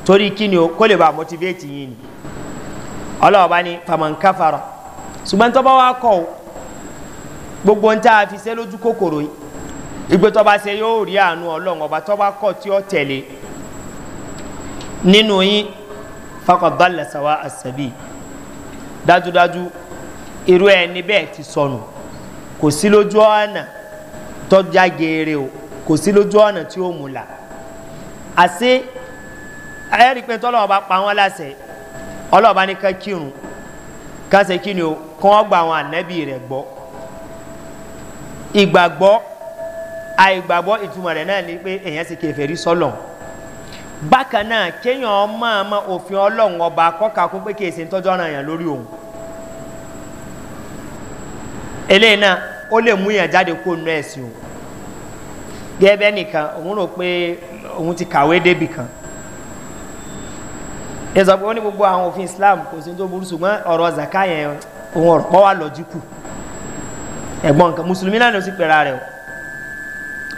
torí kí ni o kó lè bá motivate yín ni ọlọ́ọ̀bá ni famankáfara ṣùgbọ́n tọ́ bá wá kọ́ gbogbo ń tá a fi ṣe lójú kòkòrò yìí ìgbé tọba ṣe yóò rí àánú ọlọ́run ọba tọba kọ̀ tí ó tẹ̀lé nínú yín fakọ̀bálẹ̀ sáwá àṣàbí dájúdájú irú ẹni bẹ́ẹ̀ ti sọnù kò sí lójú ọ̀nà tọ́já geere o kò sí lójú ọ̀nà tí ó mú la àṣé ẹ̀rí pé tọ́lọ́ ọba pa wọ́n láṣẹ ọlọ́ọ̀bá ní ká kírun ká ṣe kí ni o kí wọ́n gba àwọn ànábì rẹ̀ gbọ́ ìgbàgbọ́ àìgbàgbọ́ ìtumọ̀ rẹ̀ náà ni pé èèyàn ti kẹfẹ́rí sọ́lọ̀ bákan náà kéèyàn máa ma òfin ọlọ́run ọba kọ́ka kó pé kéèsì ń tọ́jú ọ̀ràn yẹn lórí òun eléyìí náà ó lè mú yàn jáde kó nu ẹ̀sìn o gẹ́gẹ́ nìkan òun rò pé òun ti kàwé débì kan ẹ sọ pé ó ní gbogbo àwọn òfin islam kò sí tó burú ṣùgbọ́n ọ̀rọ̀ zaka yẹn òun ọ̀rọ̀ pọ́ wà lọ́jú kù. ẹ̀gbọ́n nǹkan mùsùlùmí náà ló sì pera rẹ̀ o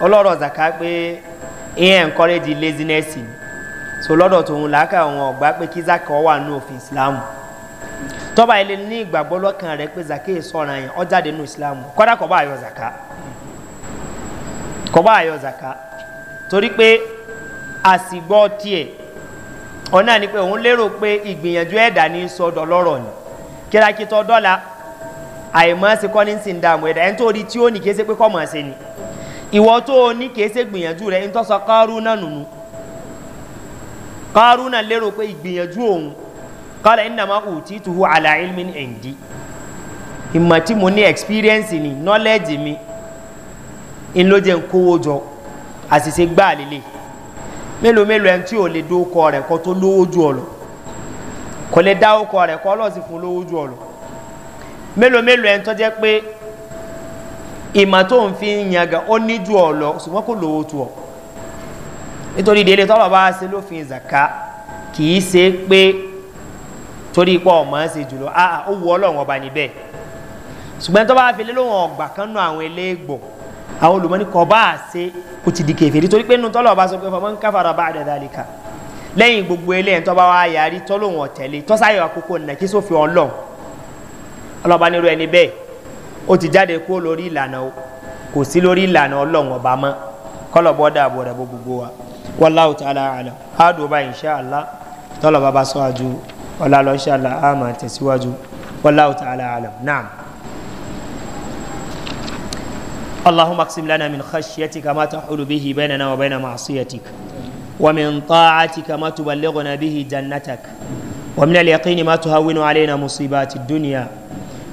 ọlọ́rọ̀ zaka pé ìyẹn encourage laziness ni so lọdọ tòun làákà òun ọ̀gbá pé kí zaka ọ wà nù òfin islam tọba ilé ní ìgbàgbọ́ lọ́kàn rẹ pé zaka yìí sọ̀ràn yẹn ọ jáde nù islam kọ́dà kọba bá ayọ̀ zaka kọ́ bá ayọ̀ zaka torí pé àsìgbọ́ tiẹ̀ ọ̀nà ni pé òun lérò pé ìgbìyànjú ẹ̀dá ní sọ́dọ̀ lọ́rọ̀ ni kírakítọ́ dọ́là àìmọ́ ṣe kọ́ ní sin dààmú ẹ̀dá ẹni tó rí tí ó ní kése pé kọ́mọ̀ ṣe ni ìwọ tó o ní kése gbìyànjú rẹ̀ ń tọ́sọ kọ́rú náà nùnú kọ́rú náà lérò pé ìgbìyànjú òun kọ́lẹ̀ ń dàmọ́ òtí tuhu àlà ilmin ẹ̀ǹdí ìmọ̀ tí mo ní experience ni knowledge mi ń ló jẹ́ ń kówó jọ àṣìṣe gbá àlele mélòó mélòó ẹni tí ò lè dókọ rẹ̀ kọ́ tó lówó ju ọ̀lọ́ kò lè dá okọ rẹ̀ kọ́ lọ́sìn fún lówó ju ọ̀lọ́ mélòó mélòó ẹ̀ ń tọ́jẹ́ pé ìmọ̀ tó ń fi yàgà ó ní ju ọ̀ lọ ṣùgbọ́n kò lówó tu ọ̀ nítorí délé tọ́lọ̀ bá ṣe lófin zaka kì í ṣe pé torí ipò ọmọ ṣe jùlọ àà ó wu ọlọ́run ọba níbẹ̀ ṣùgbọ́n tó bá fi lé lóhùn ọgbà kan nù àwọn eléègbò àwọn olùmọ́ni kọ́ bá a ṣe kò ti di kẹfẹ́ nítorí pé nínú tọ́lọ̀ ọba sọ pé fọmọ́ ń káfàrà bá àdàdà àlìkà lẹ́yìn gbogbo eléyìí tó bá wà yàrí tọ́lọ́hùn ọ̀tẹ̀lẹ̀ tọ́sáyọ̀ àkókò nàkí ọlọ́run ọlọ́ba nírú ẹni bẹ́ẹ̀ ó ti jáde kó lórí ìlànà o kò sí lórí ìlànà ọlọ́run ọba mọ́ kọ́lọ́bọ́ dààbò rẹ̀ bó gbogbo wa wàláwù tí ala àlà áàdùn bá ìṣe àlá tọ́lọ̀ bá bá sọ àjù ọ̀là lọ ṣe àlà àmà tẹ̀síwájú wàláwù tí ala àlà náà. اللهم اقسم لنا من خشيتك ما تحول به بيننا وبين معصيتك ومن طاعتك ما تبلغنا به جنتك ومن اليقين ما تهون علينا مصيبات الدنيا